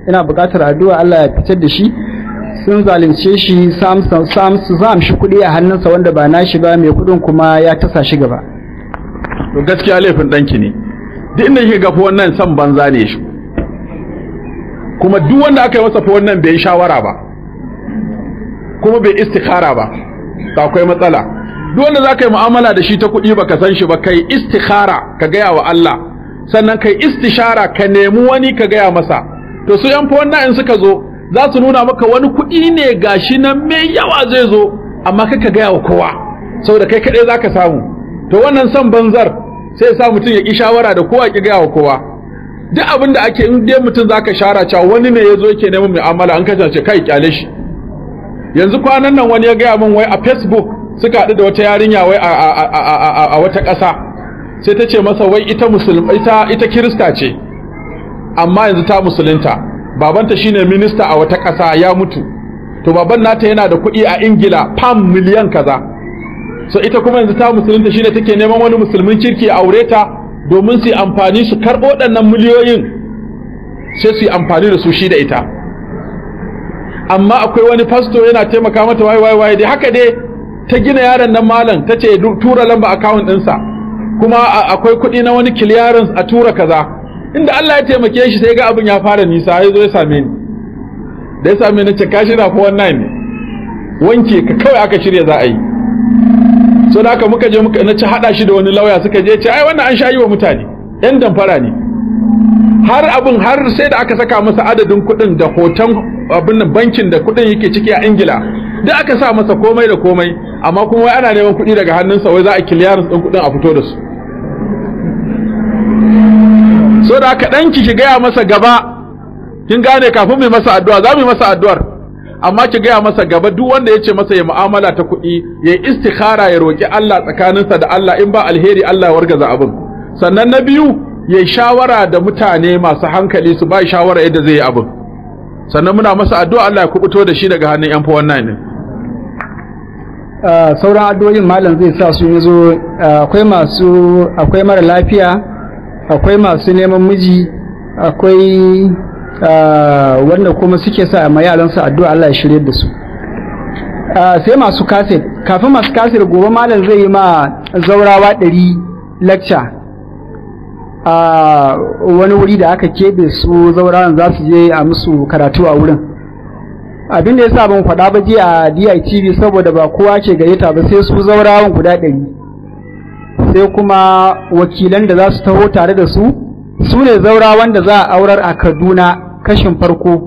ina buƙatar addu'a Allah ya fitar da shi sun zalunce shi Samson zam shi kuɗi a hannunsa wanda ba nashi ba mai kuɗin kuma ya tasa shi gaba to gaskiya laifin danki ne duk inda kike gafi wannan san banza ne shi kuma duk wanda aka yi masa 419 wannan bai shawara ba kuma bai istikhara ba ta akwai matsala duk wanda zaka yi mu'amala da shi ta kuɗi ka san shi ba kai istikhara ka gaya wa Allah sannan kai istishara ka nemi wani ka gaya masa to su yan fowar in suka zo za su nuna maka wani kuɗi ne gashi nan mai yawa zai zo amma kai ka gaya wa kowa saboda kai kaɗai za ka samu to wannan son banzar sai ya sa mutum ya ƙi shawara da kowa ki gaya wa kowa duk abin da ake in dai mutum za ka shara cewa wani ne ya zo yake neman mu'amala an kasance kai kyale shi yanzu kwanan nan wani ya gaya min wai a facebook suka haɗu da wata yarinya wai a wata ƙasa sai ta ce masa wai ita ita ita kirista ce amma yanzu ta musulunta babanta shine minista a wata ƙasa ya mutu to baban nata yana da kuɗi a ingila pam miliyan kaza so ita kuma yanzu ta musulunta shine take neman wani musulmin kirki a aure ta domin su amfani su karɓo waɗannan miliyoyin sai su yi amfani da su shi da ita amma akwai wani fasto yana taimaka mata waye waye waye dai haka dai ta gina yaron nan malam ta ce tura lamba akawun ɗinsa kuma akwai kuɗi na wani kiliyarin a tura kaza inda Allah ya taimake shi sai ga abin ya fara nisa ya ya same ni da ya same ni cika shi na ko wannan ne wanke ka kawai aka shirya za a yi so da muka je muka na ci hada shi da wani lauya suka je ce ai wannan an yi wa mutane yan damfara ne har abin har sai da aka saka masa adadin kuɗin da hoton abin nan bankin da kuɗin yake ciki a ingila duk aka sa masa komai da komai amma kuma wai ana neman kuɗi daga hannunsa wai za a kiliyarin ɗin kuɗin a fito da su so da aka ɗanki ki gaya masa gaba kin gane kafin mai masa addu'a za mu masa addu'ar amma ki gaya masa gaba duk wanda ya ce masa ya mu'amala ta kuɗi ya istikhara ya roƙi Allah tsakaninsa da Allah in ba alheri Allah ya wargaza abin sannan na biyu ya shawara da mutane masu hankali su ba shawara yadda zai yi abin sannan muna masa addu'a Allah ya kubuto da shi daga hannun yan wannan ah, sauran addu'o'in malam zai sa su zo ah, akwai masu akwai mara lafiya akwai masu neman miji akwai ah, wanda kuma suke sa ma yaransu addu'a Allah ya shirye da su ah, sai masu kaset kafin masu kaset gobe malam zai yi ma zaurawa ɗari lecture ah, wani wuri da aka keɓe su zaurawan za su je a musu karatu a wurin abin da ya sa ban faɗa ba je a DITV saboda ba kowa ke gayyata ba sai su zaurawan guda ɗari sai kuma wakilan da za su taho tare da su su ne zaura wanda za a aurar a kaduna kashin farko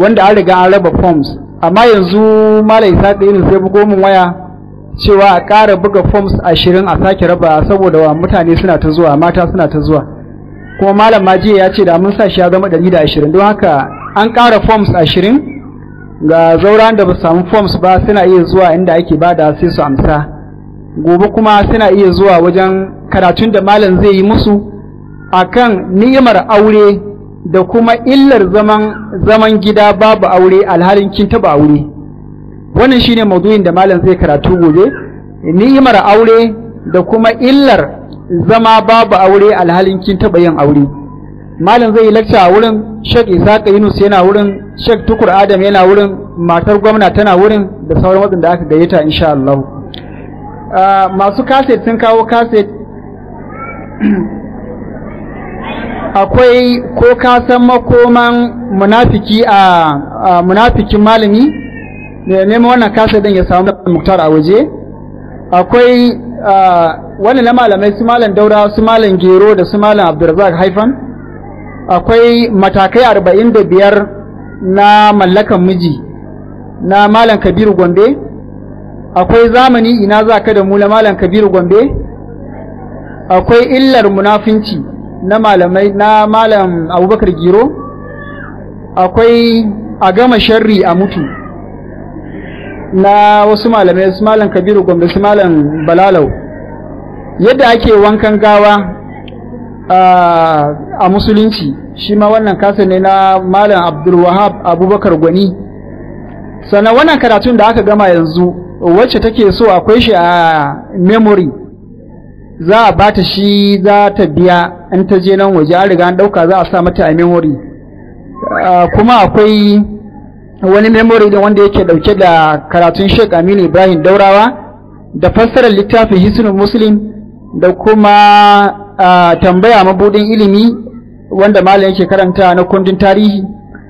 wanda an riga an raba forms amma yanzu malai isa ɗaya sai bugo min waya cewa a ƙara buga forms ashirin a sake raba saboda wa mutane suna ta zuwa mata suna ta zuwa kuma malam maji ya ce da mun sa shi ya zama ɗari da ashirin don haka an ƙara forms ashirin ga zauran da ba samu forms ba suna iya zuwa inda ake bada sai su amsa gobe kuma suna iya zuwa wajen karatun da malam zai yi musu akan ni'imar aure da kuma illar zaman gida babu aure alhalin kin taba aure wannan shine maudu'in da malam zai karatu gobe ni'imar aure da kuma illar zama babu aure alhalin kin taba yin aure malam zai yi lakca a wurin Sheikh Isaka Yunus yana wurin shek Tukur Adam yana wurin matar gwamna tana wurin da sauran da aka gayyata insha Allah Ah, masu kaset sun kawo kaset akwai ko ka san makoman munafiki a munafikin malami da neman wannan kaset din ya samu muktar a waje akwai ah, wani na malamai su malam daura su malam gero da su malam abdulrazak haifan akwai matakai arba'in da biyar na mallakan miji na malam kabiru gombe akwai zamani ina za ka da mu na malam kabiru gombe akwai illar munafinci na malamai na malam abubakar giro akwai a gama sharri a mutu na wasu malamai su malam kabiru gombe su malam balalau yadda ake wankan gawa a musulunci shi ma wannan kasa ne na malam abdulwahab abubakar gwani sannan wannan karatun da aka gama yanzu wacce take so akwai shi a memory za a bata shi za ta biya in ta je nan waje an riga an ɗauka za a sa mata a memory kuma akwai wani memory da wanda yake ɗauke da karatun Sheikh Aminu Ibrahim Daurawa da fassarar littafin Hisnul Muslim da kuma tambaya mabudin ilimi wanda malam yake karanta na kundin tarihi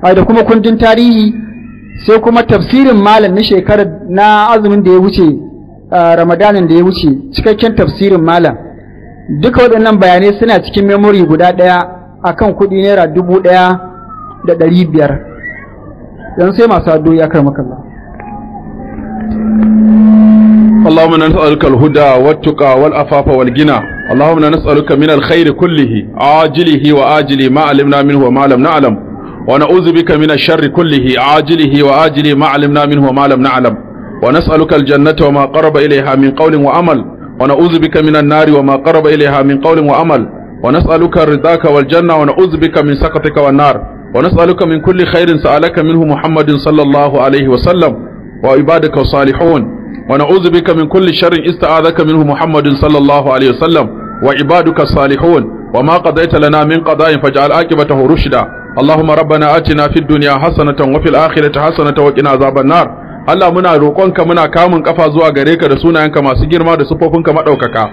da kuma kundin tarihi sai kuma tafsirin malam na shekarar na azumin da ya wuce ramadanin da ya wuce cikakken tafsirin malam duka waɗannan bayanai suna cikin memori guda ɗaya a kan kuɗi naira dubu ɗaya da ɗari biyar don sai masu addu'o'i akar makalla اللهم نسألك الهدى والتقى والعفاف والغنى اللهم نسألك من الخير كله عاجله وآجله ما علمنا منه وما لم نعلم ونعوذ بك من الشر كله عاجله وآجله ما علمنا منه وما لم نعلم ونسألك الجنة وما قرب إليها من قول وعمل ونعوذ بك من النار وما قرب إليها من قول وعمل ونسألك رضاك والجنة ونعوذ بك من سخطك والنار ونسألك من كل خير سألك منه محمد صلى الله عليه وسلم وعبادك الصالحون ونعوذ بك من كل شر استعاذك منه محمد صلى الله عليه وسلم وعبادك الصالحون وما قضيت لنا من قضاء فاجعل عاقبته رشدا اللهم ربنا آتنا في الدنيا حسنة وفي الآخرة حسنة وقنا عذاب النار Allah muna roƙonka muna kamun kafa zuwa gare ka da sunayenka masu girma da siffofinka maɗaukaka.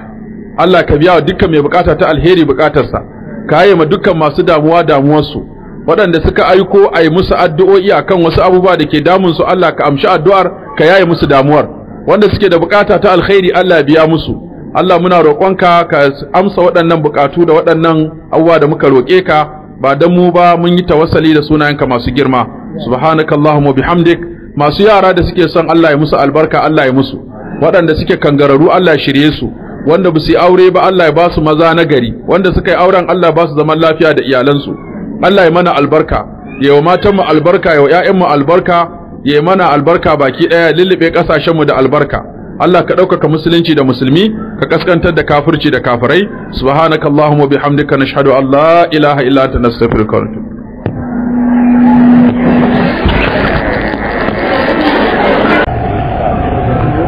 Allah ka biya wa dukkan mai bukata ta alheri bukatarsa, ka yi ma dukkan masu damuwa damuwarsu. Waɗanda suka aiko a yi musu addu'o'i akan wasu abubuwa da ke damunsu Allah ka amshi addu'ar ka yaye musu damuwar. Wanda suke da bukata ta alheri Allah biya musu. Allah muna roƙonka ka amsa waɗannan bukatu da waɗannan abubuwa da muka roƙe ka ba dan mu ba mun yi tawassali da sunayenka masu girma subhanakallahumma bihamdik masu yara da suke son Allah ya musu albarka Allah ya musu waɗanda suke kangararu Allah ya shirye su wanda ba su aure ba Allah ya ba su maza na gari wanda suka yi auren Allah ba su zaman lafiya da iyalansu Allah ya mana albarka ya wa matan mu albarka ya wa ƴaƴan mu albarka ya mana albarka baki ɗaya lullube ƙasashen mu da albarka Allah ka ɗaukaka musulunci da musulmi ka ƙasƙantar da kafirci da kafirai subhanaka allahumma bihamdika nashhadu an la ilaha illa anta nastaghfiruka wa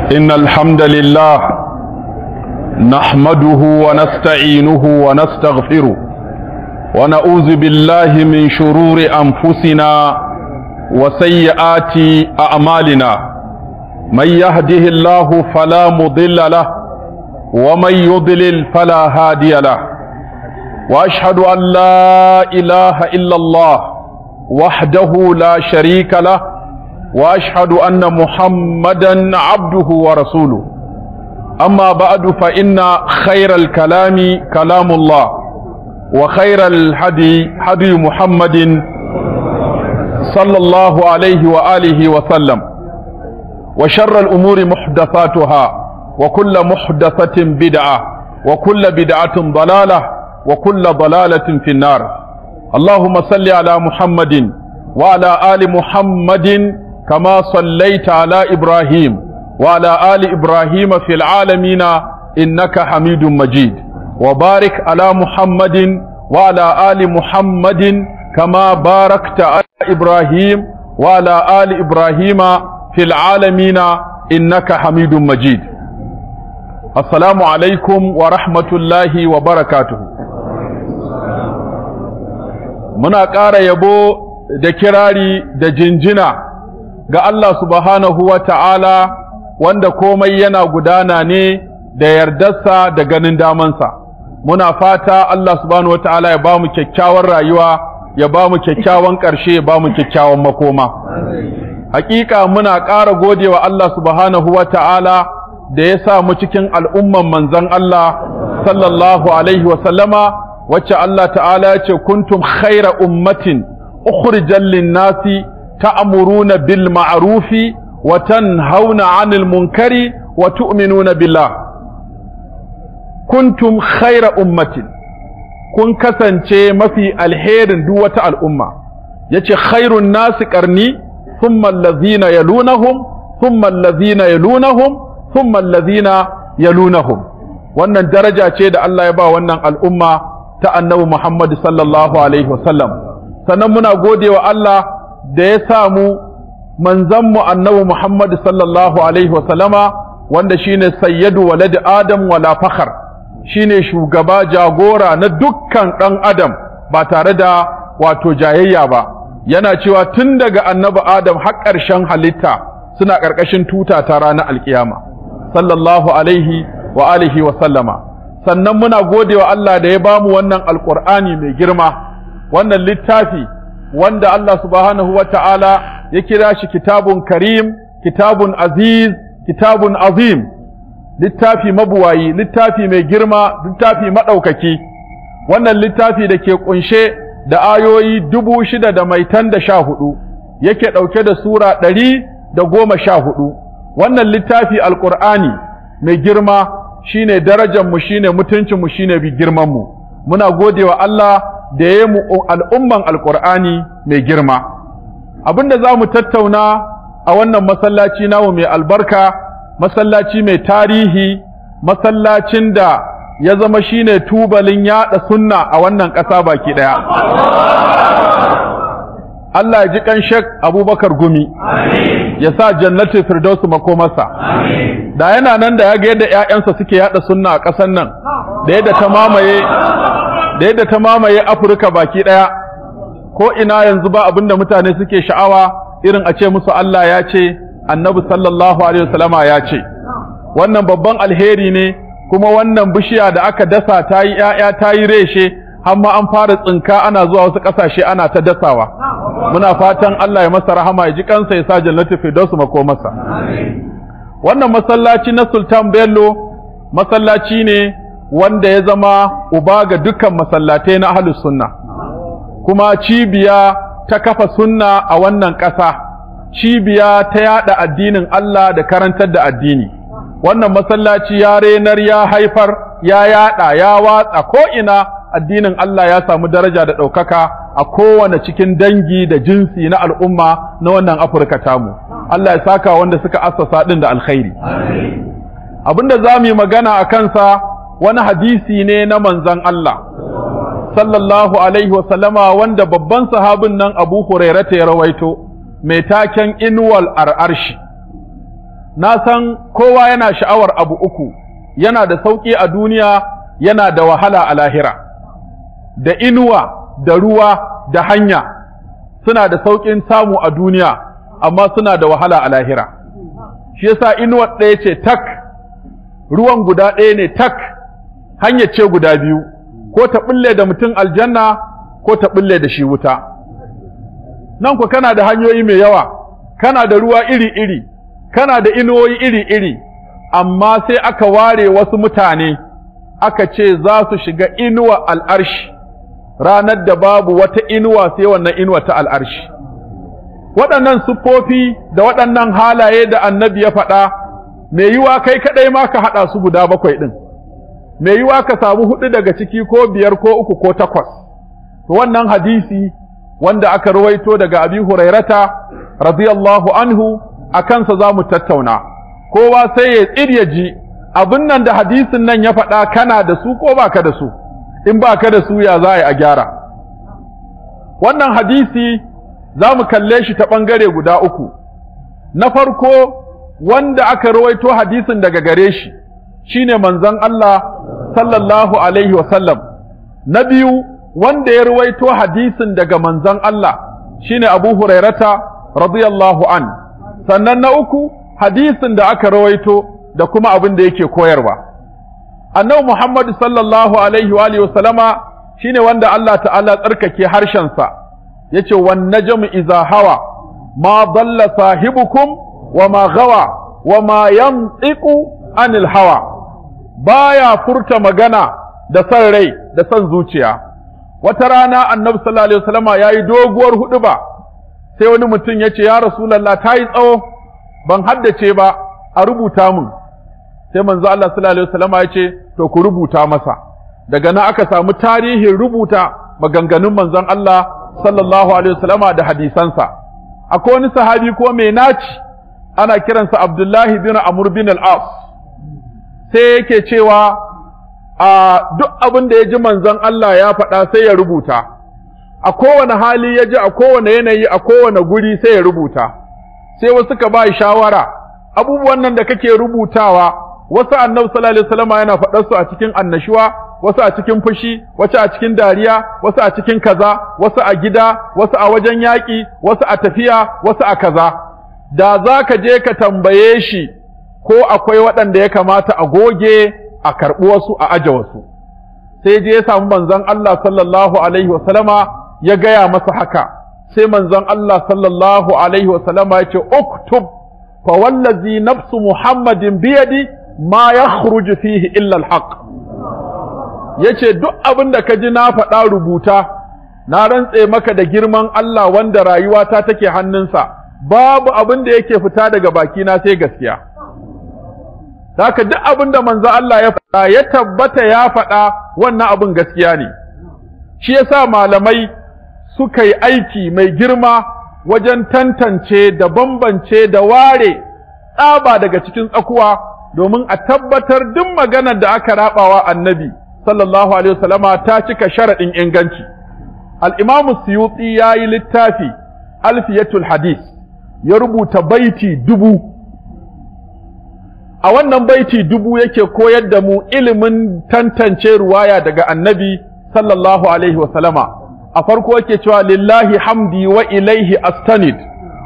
innal hamdalillah nahmaduhu wa nasta'inuhu wa nastaghfiru wa na'udhu billahi min shururi anfusina wa sayyiati a'malina من يهده الله فلا مضل له ومن يضلل فلا هادي له واشهد ان لا اله الا الله وحده لا شريك له واشهد ان محمدا عبده ورسوله اما بعد فان خير الكلام كلام الله وخير الهدي هدي محمد صلى الله عليه واله وسلم وشر الأمور محدثاتها وكل محدثة بدعة وكل بدعة ضلالة وكل ضلالة في النار اللهم صل على محمد وعلى آل محمد كما صليت على إبراهيم وعلى آل إبراهيم في العالمين إنك حميد مجيد وبارك على محمد وعلى آل محمد كما باركت على إبراهيم وعلى آل إبراهيم fil alamina innaka hamidun majid assalamu alaikum wa rahmatullahi wa barakatuhu muna ƙara yabo da kirari da jinjina ga Allah subhanahu wa ta'ala wanda komai yana gudana ne da yardarsa da ganin damansa muna fata Allah subhanahu wa ta'ala ya ba mu kyakkyawar rayuwa ya ba mu kyakkyawan ƙarshe ya ba mu kyakkyawan makoma hakika muna ƙara godewa Allah subhanahu wa ta'ala da ya sa mu cikin al'umman manzan Allah sallallahu alaihi wa wacce Allah ta'ala ya ce kuntum khaira ummatin ukhrijal linnasi amuruna bil ma'arufi wa tanhauna 'anil munkari wa tu'minuna billah kuntum khaira ummatin kun kasance mafi alherin duk wata al'umma yace khairun nasi ƙarni thumma allazina yalunahum thumma allazina yalunahum thumma allazina yalunahum wannan daraja ce da Allah ya ba wannan al'umma ta annabi Muhammad sallallahu alaihi wasallam sannan muna godewa Allah da ya samu manzanmu annabi Muhammad sallallahu alaihi wasallama wanda shine sayyadu walad adam wala fakhar shine shugaba jagora na dukkan ɗan adam ba tare da wato jayayya ba yana cewa tun daga annabi adam har ƙarshen halitta suna ƙarƙashin tuta ta ranar alkiyama sallallahu alaihi wa alihi wa sallama sannan muna godewa Allah da ya bamu wannan alƙur'ani mai girma wannan littafi wanda Allah subhanahu wa ta'ala ya kira shi kitabun karim kitabun aziz kitabun azim littafi mabuwayi littafi mai girma littafi maɗaukaki wannan littafi da ke ƙunshe da ayoyi dubu shida da maitan da sha hudu yake ɗauke da sura ɗari da goma sha hudu wannan littafi alƙur'ani mai girma shine darajarmu shine mutuncinmu shine bi girmanmu muna gode wa Allah da ya yi mu al'umman alƙur'ani mai girma abinda za mu tattauna a wannan masallaci namu mai albarka masallaci mai tarihi masallacin da ya zama shine tubalin yaɗa sunna a wannan ƙasa baki ɗaya Allah ya ji ƙan shek Abubakar Gumi ya sa jannatin firdausu makomarsa da yana nan da ya ga yadda yayansa suke yaɗa sunna a ƙasan nan da yadda ta mamaye Afirka baki ɗaya ko ina yanzu ba abin da mutane suke sha'awa irin a ce musu Allah ya ce Annabi sallallahu alaihi wasallama ya ce wannan babban alheri ne kuma wannan bishiya da aka dasa ta yi ‘ya'ya ta yi reshe har ma an fara tsinka ana zuwa wasu ƙasashe ana ta dasawa muna fatan Allah ya masa rahama ya ji kansa ya sa jannatu firdaus mako masa wannan masallaci na Sultan Bello masallaci ne wanda ya zama uba ga dukkan masallatai na ahlus sunna kuma cibiya ta kafa sunna a wannan ƙasa cibiya ta yada addinin Allah da karantar da addini wannan masallaci ya renar ya haifar ya yada ya watsa ko ina addinin Allah ya samu daraja da ɗaukaka a kowane cikin dangi da jinsi na al'umma na wannan Afirka tamu Allah ya saka wanda suka assasa din da alkhairi abinda za mu yi magana a kansa wani hadisi ne na manzon Allah sallallahu alaihi wasallama wanda babban sahabin nan Abu Hurairah ya rawaito mai taken inwal ar'arshi na san kowa yana sha'awar abu uku yana da sauƙi a duniya yana da wahala a lahira da inuwa da ruwa da hanya suna da sauƙin samu a duniya amma suna da wahala a lahira shi yasa inuwa ɗaya ce tak ruwan guda ɗaya ne tak hanya ce guda biyu ko ta ɓulle da mutum aljanna ko ta ɓulle da shi wuta nan ku kana da hanyoyi mai yawa kana da ruwa iri-iri kana da inuwoyi iri-iri amma sai aka ware wasu mutane aka ce za su shiga inuwa al'arshi ranar da babu wata inuwa sai wannan inuwa ta al'arshi waɗannan siffofi da waɗannan halaye da annabi ya faɗa mai yiwa kai kaɗai ma ka haɗa su guda bakwai ɗin mai yiwa ka samu huɗu daga ciki ko biyar ko uku ko takwas wannan hadisi wanda aka ruwaito daga abi hurairata radiyallahu anhu a kansa za mu tattauna kowa sai ya tsirya ji abin nan da hadisin nan ya faɗa kana da su ko ba ka da su in ba ka da su ya za a gyara wannan hadisi za mu kalle shi ta ɓangare guda uku na farko wanda aka rawaito hadisin daga gare shi shine manzon Allah sallallahu alaihi wasallam na biyu wanda ya rawaito hadisin daga manzon Allah shine Abu Hurairata radiyallahu an sannan na uku hadisin da aka rawaito da kuma abin da yake koyarwa annabi Muhammad sallallahu alaihi wa alihi sallama shine wanda Allah ta'ala tsarkake harshen sa yace wan najmu iza hawa ma dalla sahibukum wa ma gawa wa ma yantiqu anil hawa baya furta magana da san rai da san zuciya wata rana annabi sallallahu alaihi wasallama yayi doguwar huduba sai wani mutum ya ce ya rasulallah ta yi tsawo ban haddace ba a rubuta mun sai manzo Allah sallallahu alaihi ya ce to ku rubuta masa daga na aka samu tarihin rubuta maganganun manzon Allah sallallahu alaihi da hadisansa akwai wani sahabi ko mai naci ana kiransa Abdullahi bin Amr bin al-As sai yake cewa a duk abin da ya ji manzon Allah ya faɗa sai ya rubuta a kowane hali ya ji a kowane yanayi a kowane guri sai ya rubuta sai wasu ka ba shawara abubuwan nan da kake rubutawa wasu annabi sallallahu alaihi wasallam yana faɗar su a cikin annashuwa wasu a cikin fushi wasu a cikin dariya wasu a cikin kaza wasu a gida wasu a wajen yaƙi wasu a tafiya wasu a kaza da za ka je ka tambaye shi ko akwai waɗanda ya kamata a goge a karɓi wasu a aje wasu sai je ya samu manzon Allah sallallahu alaihi wasallama ya gaya masa haka sai manzon Allah sallallahu alaihi wasallama ya ce uktub fa wallazi nafsu muhammadin biyadi ma yakhruju fihi illa alhaq yace duk abin da ka ji na faɗa rubuta na rantse maka da girman Allah wanda rayuwata take hannunsa babu abin da yake fita daga bakina sai gaskiya haka duk abin da manzo Allah ya faɗa ya tabbata ya faɗa wannan abin gaskiya ne shi yasa malamai suka yi aiki mai girma wajen tantance da bambance da ware tsaba daga cikin tsakuwa domin a tabbatar duk maganar da aka rabawa annabi sallallahu alaihi wasallama ta cika sharaɗin inganci al-imamu suyuti ya yi littafi alfiyatul hadis ya rubuta baiti dubu a wannan baiti dubu yake koyar da mu ilimin tantance ruwaya daga annabi sallallahu alaihi wasallama a farko yake cewa lillahi hamdi wa ilaihi astanid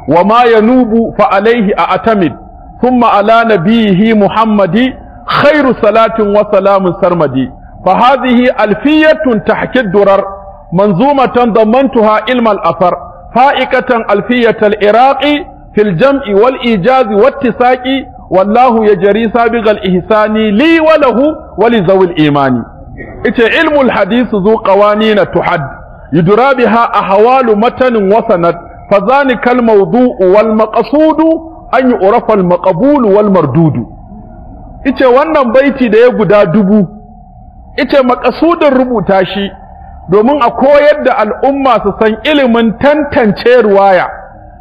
wa ma yanubu fa alaihi a atamid thumma ala nabiyihi muhammadi khairu salatin wa salamun sarmadi fa hadhihi alfiyatun tahki durar manzumatan dammantuha ilma al-athar fa'iqatan alfiyat al-iraqi fil jam'i wal ijazi wattisaqi wallahu yajri sabiqal ihsani li wa lahu wa li zawil imani ita ilmul hadith zu qawanina tuhad yudura biha ahwalu matanin wasanat fadhanika almawdu'u wal maqsudu an yu'rafa al maqbulu ice wannan baiti da ya guda dubu ice maqasudin rubuta shi domin a koyar da al'umma su san ilimin tantance ruwaya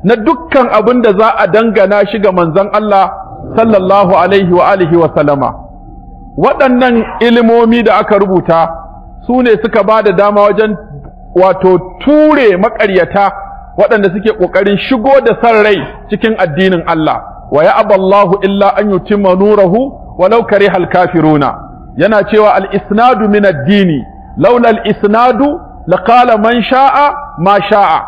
na dukkan abin da za a dangana shi ga manzon Allah sallallahu alaihi wa alihi wa sallama waɗannan ilimomi da aka rubuta su ne suka ba da dama wajen wato ture maƙaryata waɗanda suke ƙoƙarin shigo da san rai cikin addinin Allah wa ya aballahu illa an yutimma nurahu law karihal kafiruna yana cewa al isnadu min addini laula al isnadu laqala man sha'a ma sha'a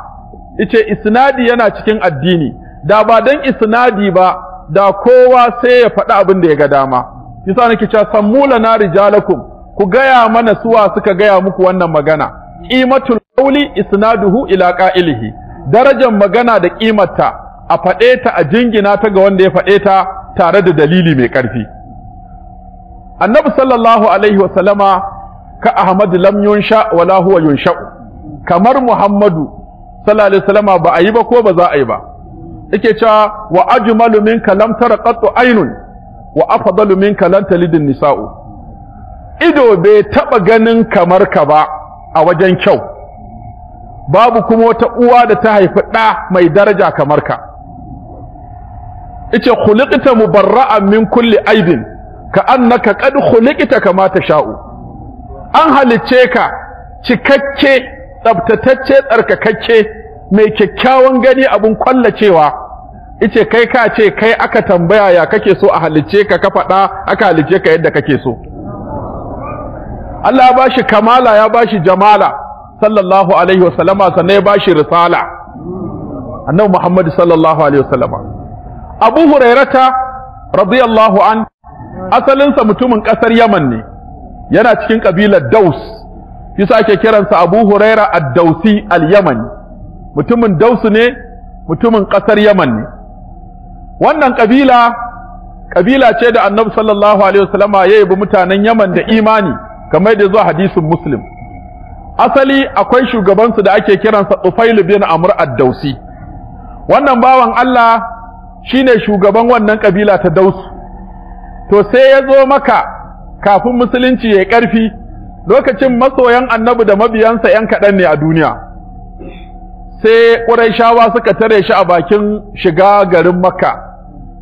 yace isnadi yana cikin addini da ba dan isnadi ba da kowa sai ya faɗi abin da ya ga dama yasa nake cewa sammula na rijalakum ku gaya mana suwa suka gaya muku wannan magana qimatul qawli isnaduhu ila qa'ilihi darajar magana da ƙimarta a faɗe ta a jingina ta ga wanda ya faɗe ta tare da dalili mai ƙarfi annabi sallallahu alaihi wasallama ka ahmad lam yunsha wala huwa yunsha kamar muhammadu sallallahu alaihi wasallama ba a yi ba ko ba za a yi ba yake cewa wa ajmalu minka lam tara aynun wa afdalu minka lan talidun nisa'u ido bai taba ganin kamar ka ba a wajen kyau babu kuma wata uwa da ta haifi ɗa mai daraja kamar ka ice khuliqta mubarra'an min kulli aibin ka annaka qad khuliqta kama sha'u. an halicce ka cikakke tsabtatacce tsarkakakke mai kyakkyawan gani abun kwallacewa ice kai ka ce kai aka tambaya ya kake so a halicce ka ka faɗa aka halicce ka yadda kake so Allah ya bashi kamala ya bashi jamala sallallahu alaihi wasallama sannan ya bashi risala annabi Muhammad sallallahu alaihi wasallama Abu Hurairata radiyallahu an asalinsa mutumin kasar Yaman ne yana cikin kabilar Daus yasa ake kiransa Abu Huraira ad-Dausi al-Yamani mutumin Daus ne mutumin kasar Yaman ne wannan kabila kabila ce da Annabi sallallahu alaihi wasallama ya yabi mutanen Yaman da imani kamar da zuwa hadisin muslim asali akwai shugabansu da ake kiransa Ufail bin amur ad wannan bawan Allah shine shugaban wannan kabila ta dausu. to sai ya zo maka kafin musulunci ya karfi lokacin masoyan annabi da mabiyansa yan kaɗan ne a duniya sai shawa suka tare shi a bakin shiga garin makka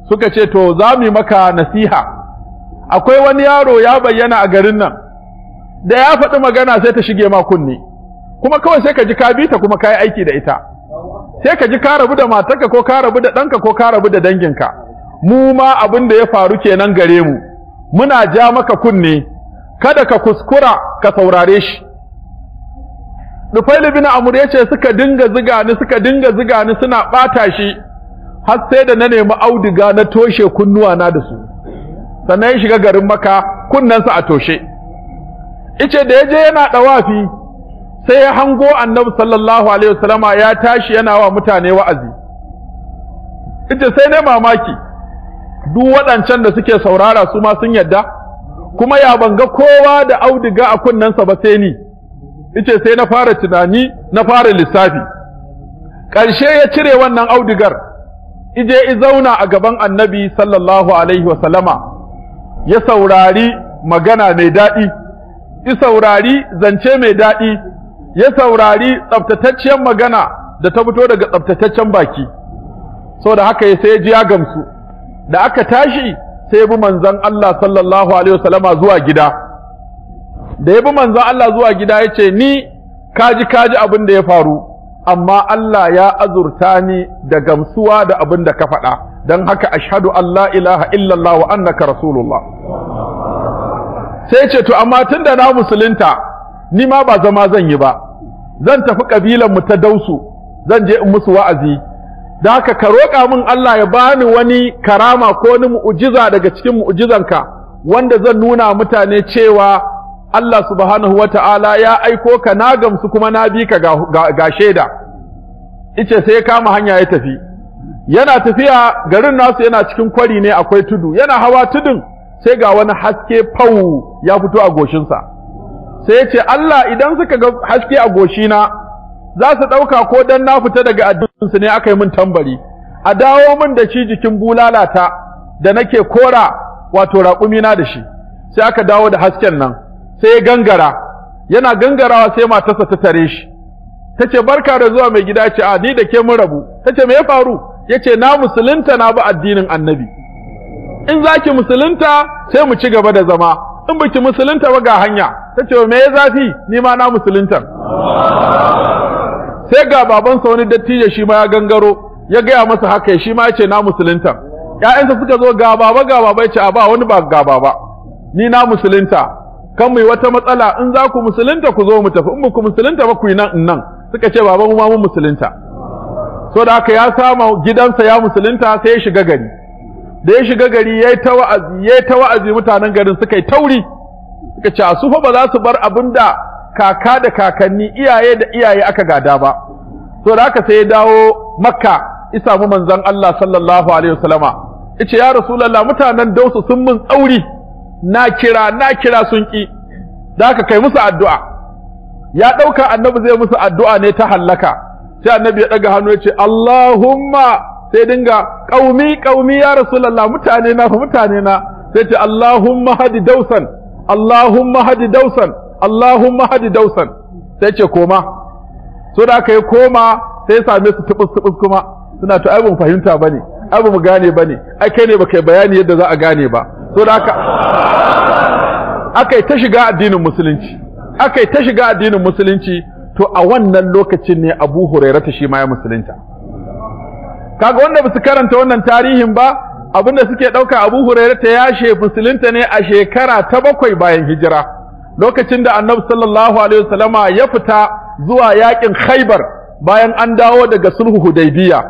suka ce to za mu maka nasiha akwai wani yaro ya bayyana a garin nan da ya faɗi magana sai ta shige ma kunni kuma kawai sai ka ji ka bi ta kuma ka yi aiki da ita sai ka ji ka rabu da matarka ko ka rabu da ɗanka ko ka rabu da danginka mu ma abin da ya faru kenan gare mu muna ja maka kunne kada ka kuskura ka saurare shi Nufail bin Amr ya suka dinga ziga ni suka dinga ziga ni suna ɓata shi har sai da na nemi auduga na toshe kunnuwa na da su sannan ya shiga garin maka kunnensa a toshe ice da ya je yana ɗawafi sai ya hango annabi sallallahu alaihi wasallama ya tashi yana wa mutane wa'azi ice sai ne mamaki duk waɗancan da suke saurara su ma sun yadda kuma ya banga kowa da auduga a kunnensa ba sai ni ice sai na fara tunani na fara lissafi ƙarshe ya cire wannan audugar ije izauna a gaban annabi sallallahu alaihi wasallama ya saurari magana mai daɗi ya saurari zance mai daɗi ya saurari tsaftatacciyar magana da ta fito daga tsaftataccen baki so da haka ya sai ji ya gamsu da aka tashi sai bi manzan Allah sallallahu alaihi wasallama zuwa gida da ya bi manzon Allah zuwa gida ya ce ni kaji kaji abin da ya faru amma Allah ya azurta ni da gamsuwa da abin da ka faɗa don haka ashhadu an ilaha illallah wa annaka rasulullah sai ce to amma da na musulunta ni ma ba zama zan yi ba zan tafi kabilan mu ta dausu zan je in musu wa'azi da haka ka roƙa min Allah ya bani wani karama ko wani mu'jiza daga cikin mu'jizanka wanda zan nuna mutane cewa Allah subhanahu ta'ala ya aiko ka na gamsu kuma na bi ka ga, ga, ga shaida ice sai ya kama hanya ya tafi yana tafiya garin nasu yana cikin kwari ne akwai tudu yana hawa tudun sai ga wani haske fau ya fito a goshinsa sai ce Allah idan suka ga haske a goshina za su ɗauka ko dan na fita daga addininsu ne aka yi min tambari a dawo min da shi jikin bulalata da nake kora wato raƙumina da shi sai aka dawo da hasken nan sai ya gangara yana gangarawa sai matarsa ta tare shi ta ce barka da zuwa mai gida ce a ni da ke mun rabu ta ce me ya faru ya ce na musulunta na bi addinin annabi in za ki musulunta sai mu ci gaba da zama in baki musulunta ba ga hanya ta ce me ya zafi ni ma na musulunta sai ga babansa wani dattijo shi ma ya gangaro ya gaya masa haka shi ma ya ce na musulunta ‘ya'yansa suka zo ga baba ga baba ya ce a ba wani ba ga baba ni na musulunta kan mu yi wata matsala in za ku musulunta ku zo mu tafi in ku musulunta ba ku yi nan in nan suka ce baba mu ma mun musulunta so da haka ya sama gidansa ya musulunta sai ya shiga gari da ya shiga gari ya yi ta wa'azi mutanen garin suka yi tauri suka ce su fa ba za su bar abin da kaka da kakanni iyaye da iyaye aka gada ba to da aka sai ya dawo makka isa mu manzon Allah sallallahu alaihi wasallama yace ya rasulullah mutanen dausa sun mun tsauri na kira na kira sun ƙi da aka kai musu addu'a ya ɗauka annabi zai musu addu'a ne ta hallaka sai annabi ya ɗaga hannu ya ce Allahumma sai dinga kaumi kaumi ya rasulullah mutane na fa mutane na sai ce allahumma hadi dausan allahumma hadi dausan allahumma hadi dausan sai ce koma so da aka yi koma sai same su tubus tubus kuma suna to ai ban fahimta bane ai ba mu gane bane ai kai ne baka bayani yadda za a gane ba so da aka akai ta shiga addinin musulunci akai ta shiga addinin musulunci to a wannan lokacin ne Abu Hurairah shi ma ya musulunta kaga wanda su karanta wannan tarihin ba abinda suke ɗauka Abu Hurairah ya she musulunta ne a shekara ta bakwai bayan hijira lokacin da Annabi sallallahu alaihi wasallama ya fita zuwa yakin Khaibar bayan an dawo daga sulhu Hudaybiya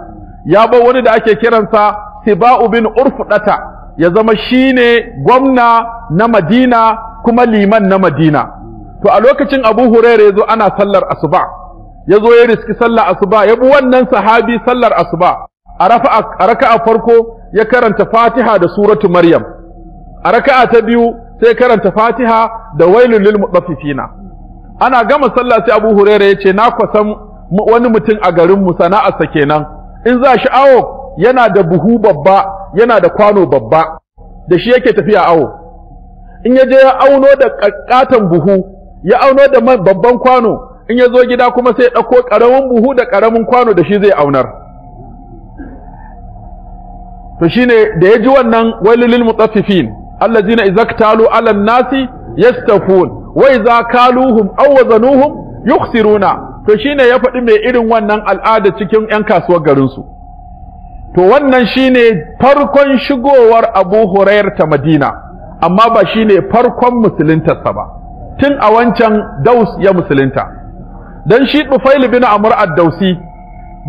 ya bar wani da ake kiransa Siba'u bin Urfudata ya zama shine gwamna na Madina kuma liman na Madina to a lokacin Abu Hurairah yazo ana sallar asuba yazo ya riski sallar asuba ya bi wannan sahabi sallar asuba a raka'a farko ya karanta fatiha da suratu maryam a raka'a ta biyu sai karanta fatiha da wailul lil mutaffifina ana gama sallah sai abu huraira yace na kwasan wani mutum a garin mu sa kenan in za shi awo yana da buhu babba yana da kwano babba da shi yake tafiya awo in ya je ya auno da kakkatan buhu ya auno da babban kwano in ya zo gida kuma sai ya ɗauko karamin buhu da karamin kwano da shi zai aunar to shine da ya ji wannan walilil mutaffifin allazina idza ktalu ala nasi yastafun wa idza kaluhum aw wazanuhum yukhsiruna to shine ya faɗi mai irin wannan al'ada cikin yan kasuwar garin su to wannan shine farkon shigowar Abu Hurairah ta Madina amma ba shine farkon musuluntarsa ba tun a wancan Daus ya musulunta dan shi Dufail bin Amr ad-Dausi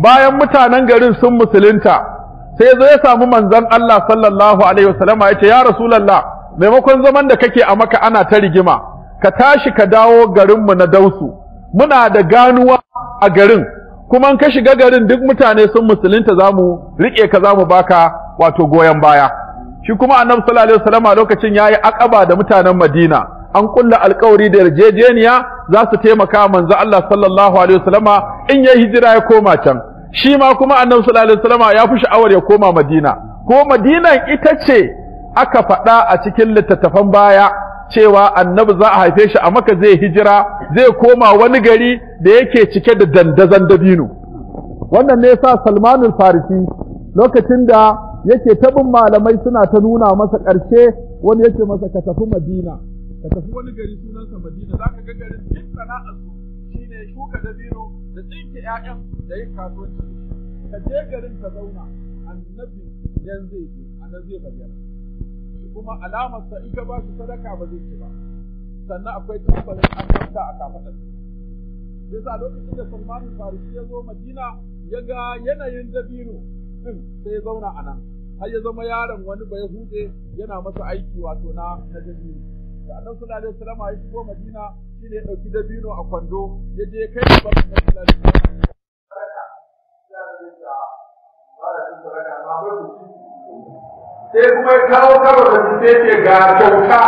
bayan mutanen garin sun musulunta sai zo ya samu manzon Allah sallallahu alaihi wasallama ya ce ya rasulullah maimakon zaman da kake a maka ana ta rigima ka tashi ka dawo garinmu na dausu muna da ganuwa a garin kuma in ka shiga garin duk mutane sun musulunta za mu riƙe ka za mu baka wato goyon baya shi kuma annabi sallallahu alaihi lokacin yayi akaba da mutanen Madina an kulla alkawari da yarjejeniya za su taimaka manzo Allah sallallahu alaihi wasallama in ya hijira ya koma can shi ma kuma annabi sallallahu alaihi wasallam ya fi sha'awar ya koma madina ko madinan ita ce aka faɗa a cikin littattafan baya cewa annabi za a haife shi a maka zai hijira zai koma wani gari da yake cike da dandazan dabino wannan ne yasa salmanul farisi lokacin da yake tabin malamai suna ta nuna masa ƙarshe wani yake masa ka tafi madina ka tafi wani gari sunansa madina za ka ga garin duk sana'a shine shuka dabino da tsinke ƴaƴan da yi kasuwanci ka je garin ka zauna annabi yan zai je nan zai bayyana kuma alamar sa in ka ba shi sadaka ba zai ci ba sannan akwai tambarin kanta a kafadar yasa lokacin da Salmanu Farisi ya zo Madina ya ga yanayin dabino din hmm, sai ya zauna a nan har ya zama yaron wani bai huɗe yana masa aiki wato na na dabino da annabi sallallahu alaihi salama ya shigo Madina shine ne dauki dabino a kwando ya je kai da babu da sai kuma ya kawo kawo da su sai ga kyauta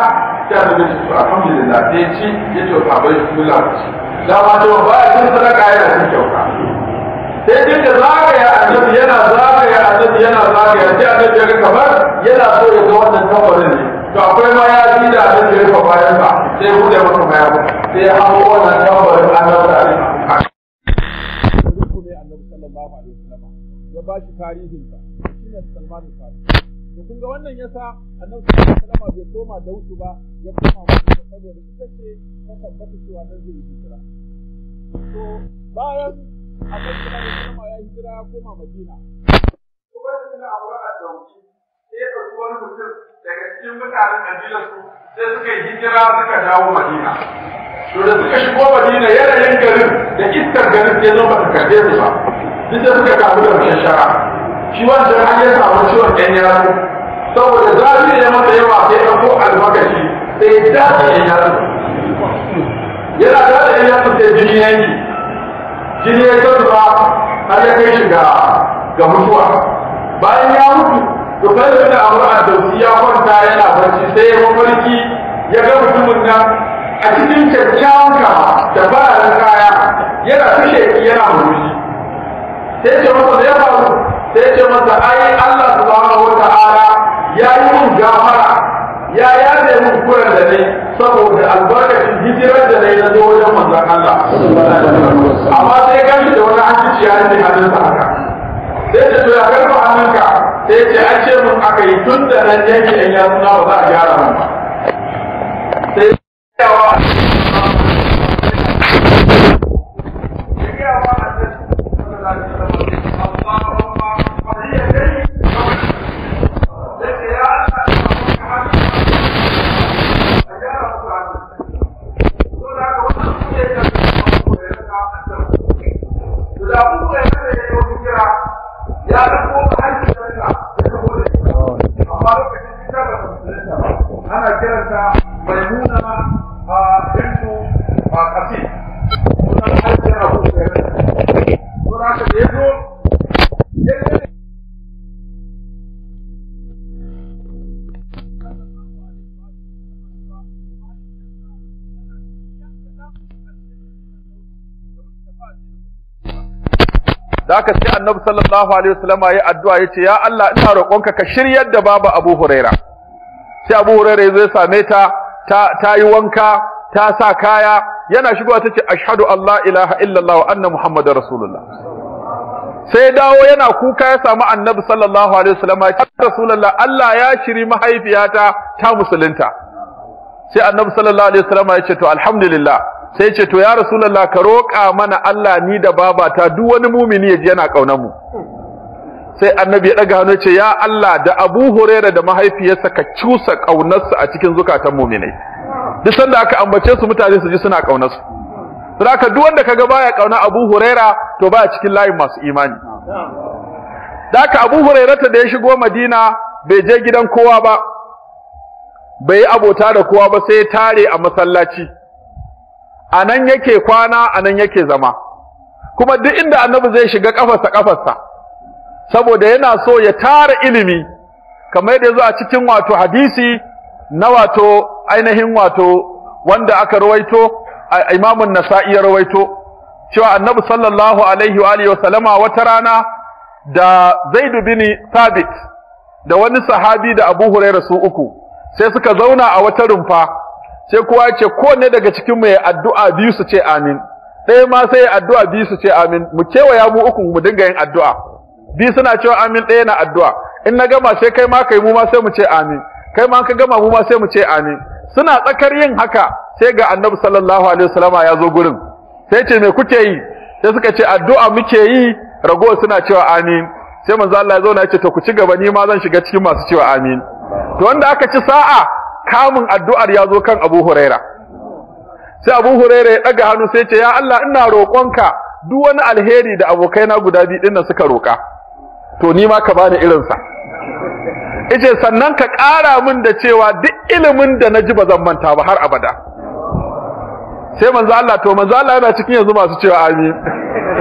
da alhamdulillah sai ci ya ce ka bai su ba ya cin sadaka yana cin kyauta sai duk da zagaya annabi yana zagaya annabi yana zagaya sai annabi ya ga kamar yana so ya ga wannan ne to akwai ma ya ji da abin da ya fa bayan ba sai bude maka ba sai ya hawo wannan tabbarin annabi ne annabi sallallahu alaihi wasallam ya ba shi tarihin sa shine Salman al-Farisi to kun ga wannan yasa annabi sallallahu alaihi wasallam bai koma da wuce ba ya koma musu saboda ita ce ta tabbata cewa nan zai yi kira to bayan annabi sallallahu alaihi wasallam ya hijira ya koma Madina kuma da Abu Bakar da ya ɗauki wani mutum daga cikin mutanen kabilar su sai suka yi hijira suka dawo Madina. To da suka shigo Madina yanayin garin da iskar garin sai zo ba su karɓe su ba. Duk da suka kamu da mashashara. Shi ya samu ciwon ɗan yaro. Saboda zafi ya masa yawa sai ya ko albarkaci, sai ya dace ɗan yaro. Yana dace ɗan yaro sai jini yanki. Jini ya zo har ya kai shi ga mutuwa. Bayan ya mutu kusan da abu a dauki ya kwanta yana barci sai ya mafarki ya ga mutumin nan a cikin kyakkyawan ka da fararen kaya yana kashe yana murmushi sai ce masa da ya faru sai ce masa ai Allah subhanahu wata'ala ya yi mun gafara ya yaɗe mun kura da ne saboda albarkacin hijirar da ne na zo wajen manzon Allah amma sai gani da wani hanci ya ne sa. haka sai ce an ce mun aka yi tun da nan yake yan ya suna ba za a gyara mun ba ana kiranta maimuna a bintu a kasi sunan haifin abu da ya rasa suna ka da ya zo ya yi da aka sai annabi sallallahu alaihi wasallama ya addu'a yace ya Allah ina roƙonka ka shiryar da baba Abu Huraira sai Abu Hurairah zai same ta ta yi wanka ta sa kaya yana shigowa tace ashhadu Allah ilaha illallah wa anna muhammadar rasulullah sai dawo yana kuka ya samu annabi sallallahu alaihi wasallam ya rasulullah Allah ya shiri mahaifiyata ta musulunta sai annabi sallallahu alaihi wasallam ya ce to alhamdulillah sai ya ce to ya rasulullah ka roƙa mana Allah ni da babata duk wani mumini ya ji yana kaunar mu sai annabi ya daga hannu ce ya Allah da Abu Huraira da mahaifiyarsa ka cusa kaunarsa a cikin zukatan mu'minai duk sanda aka ambace su mutane su ji suna kaunarsu saboda duk wanda kaga baya kauna Abu Huraira to baya cikin layin masu imani daka Abu Huraira ta da ya shigo Madina bai je gidan kowa ba bai yi abota da kowa ba sai ya tare a masallaci anan yake kwana anan yake zama kuma duk inda annabi zai shiga kafarsa kafarsa saboda yana so ya tara ilimi kamar yadda zuwa a cikin wato hadisi na wato ainihin wato wanda aka rawaito imamun nasai ya rawaito cewa Annabi sallallahu alaihi wa alihi wa sallama wata rana da Zaid bin sabit da wani sahabi da Abu Hurairah su uku sai suka zauna a wata rumfa sai kowa ya ce kowanne daga cikin mu ya addu'a biyu su ce amin ɗaya ma sai addu'a biyu su ce amin mu kewaya mu uku mu dinga yin addu'a bi suna cewa amin ɗaya na addu'a in na gama sai kai ma kai mu ma sai mu ce amin kai ma ka gama mu ma sai mu ce amin suna tsakar yin haka sai ga annabi sallallahu alaihi wasallama ya zo gurin sai ce me kuke yi sai suka ce addu'a muke yi ragowar suna cewa amin sai manzo Allah ya zauna ya ce to ku ci gaba ni ma zan shiga cikin masu cewa amin to wanda aka ci sa'a kamun addu'ar ya zo kan Abu Huraira sai Abu Huraira ya ɗaga hannu sai ya ce ya Allah ina roƙonka duk wani alheri da abokaina guda biyu dinnan suka roƙa to ni ma ka bani irinsa ice sannan ka ƙara min da cewa duk ilimin da na ji ba zan manta ba har abada sai manzo Allah to manzo Allah yana cikin yanzu masu cewa amin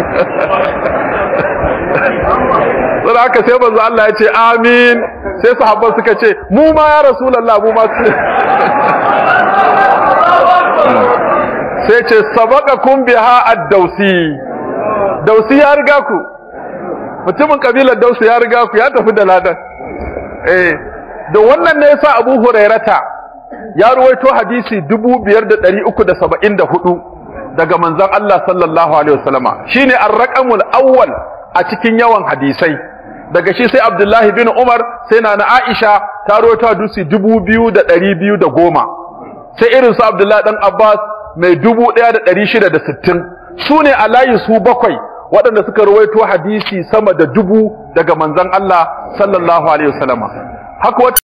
sai haka sai manzo Allah ya ce amin sai sahabban suka ce mu ma ya rasulullah mu ma sai ce sabaqakum biha ad dawsi dausi ya riga ku mutumin kabilar dausa ya riga ku ya tafi da ladan eh da wannan ne yasa abu hurairata ya ruwaito hadisi 5374 daga manzon Allah sallallahu alaihi wasallama shine ar-raqamul awwal a cikin yawan hadisai daga shi sai Abdullahi bin Umar sai nana Aisha ta ruwaito hadisi 2210 sai irin su abdullah dan Abbas mai 1660 su ne a layi bakwai waɗanda suka ruwaito hadisi sama da dubu daga manzan Allah sallallahu alaihi wasallama haka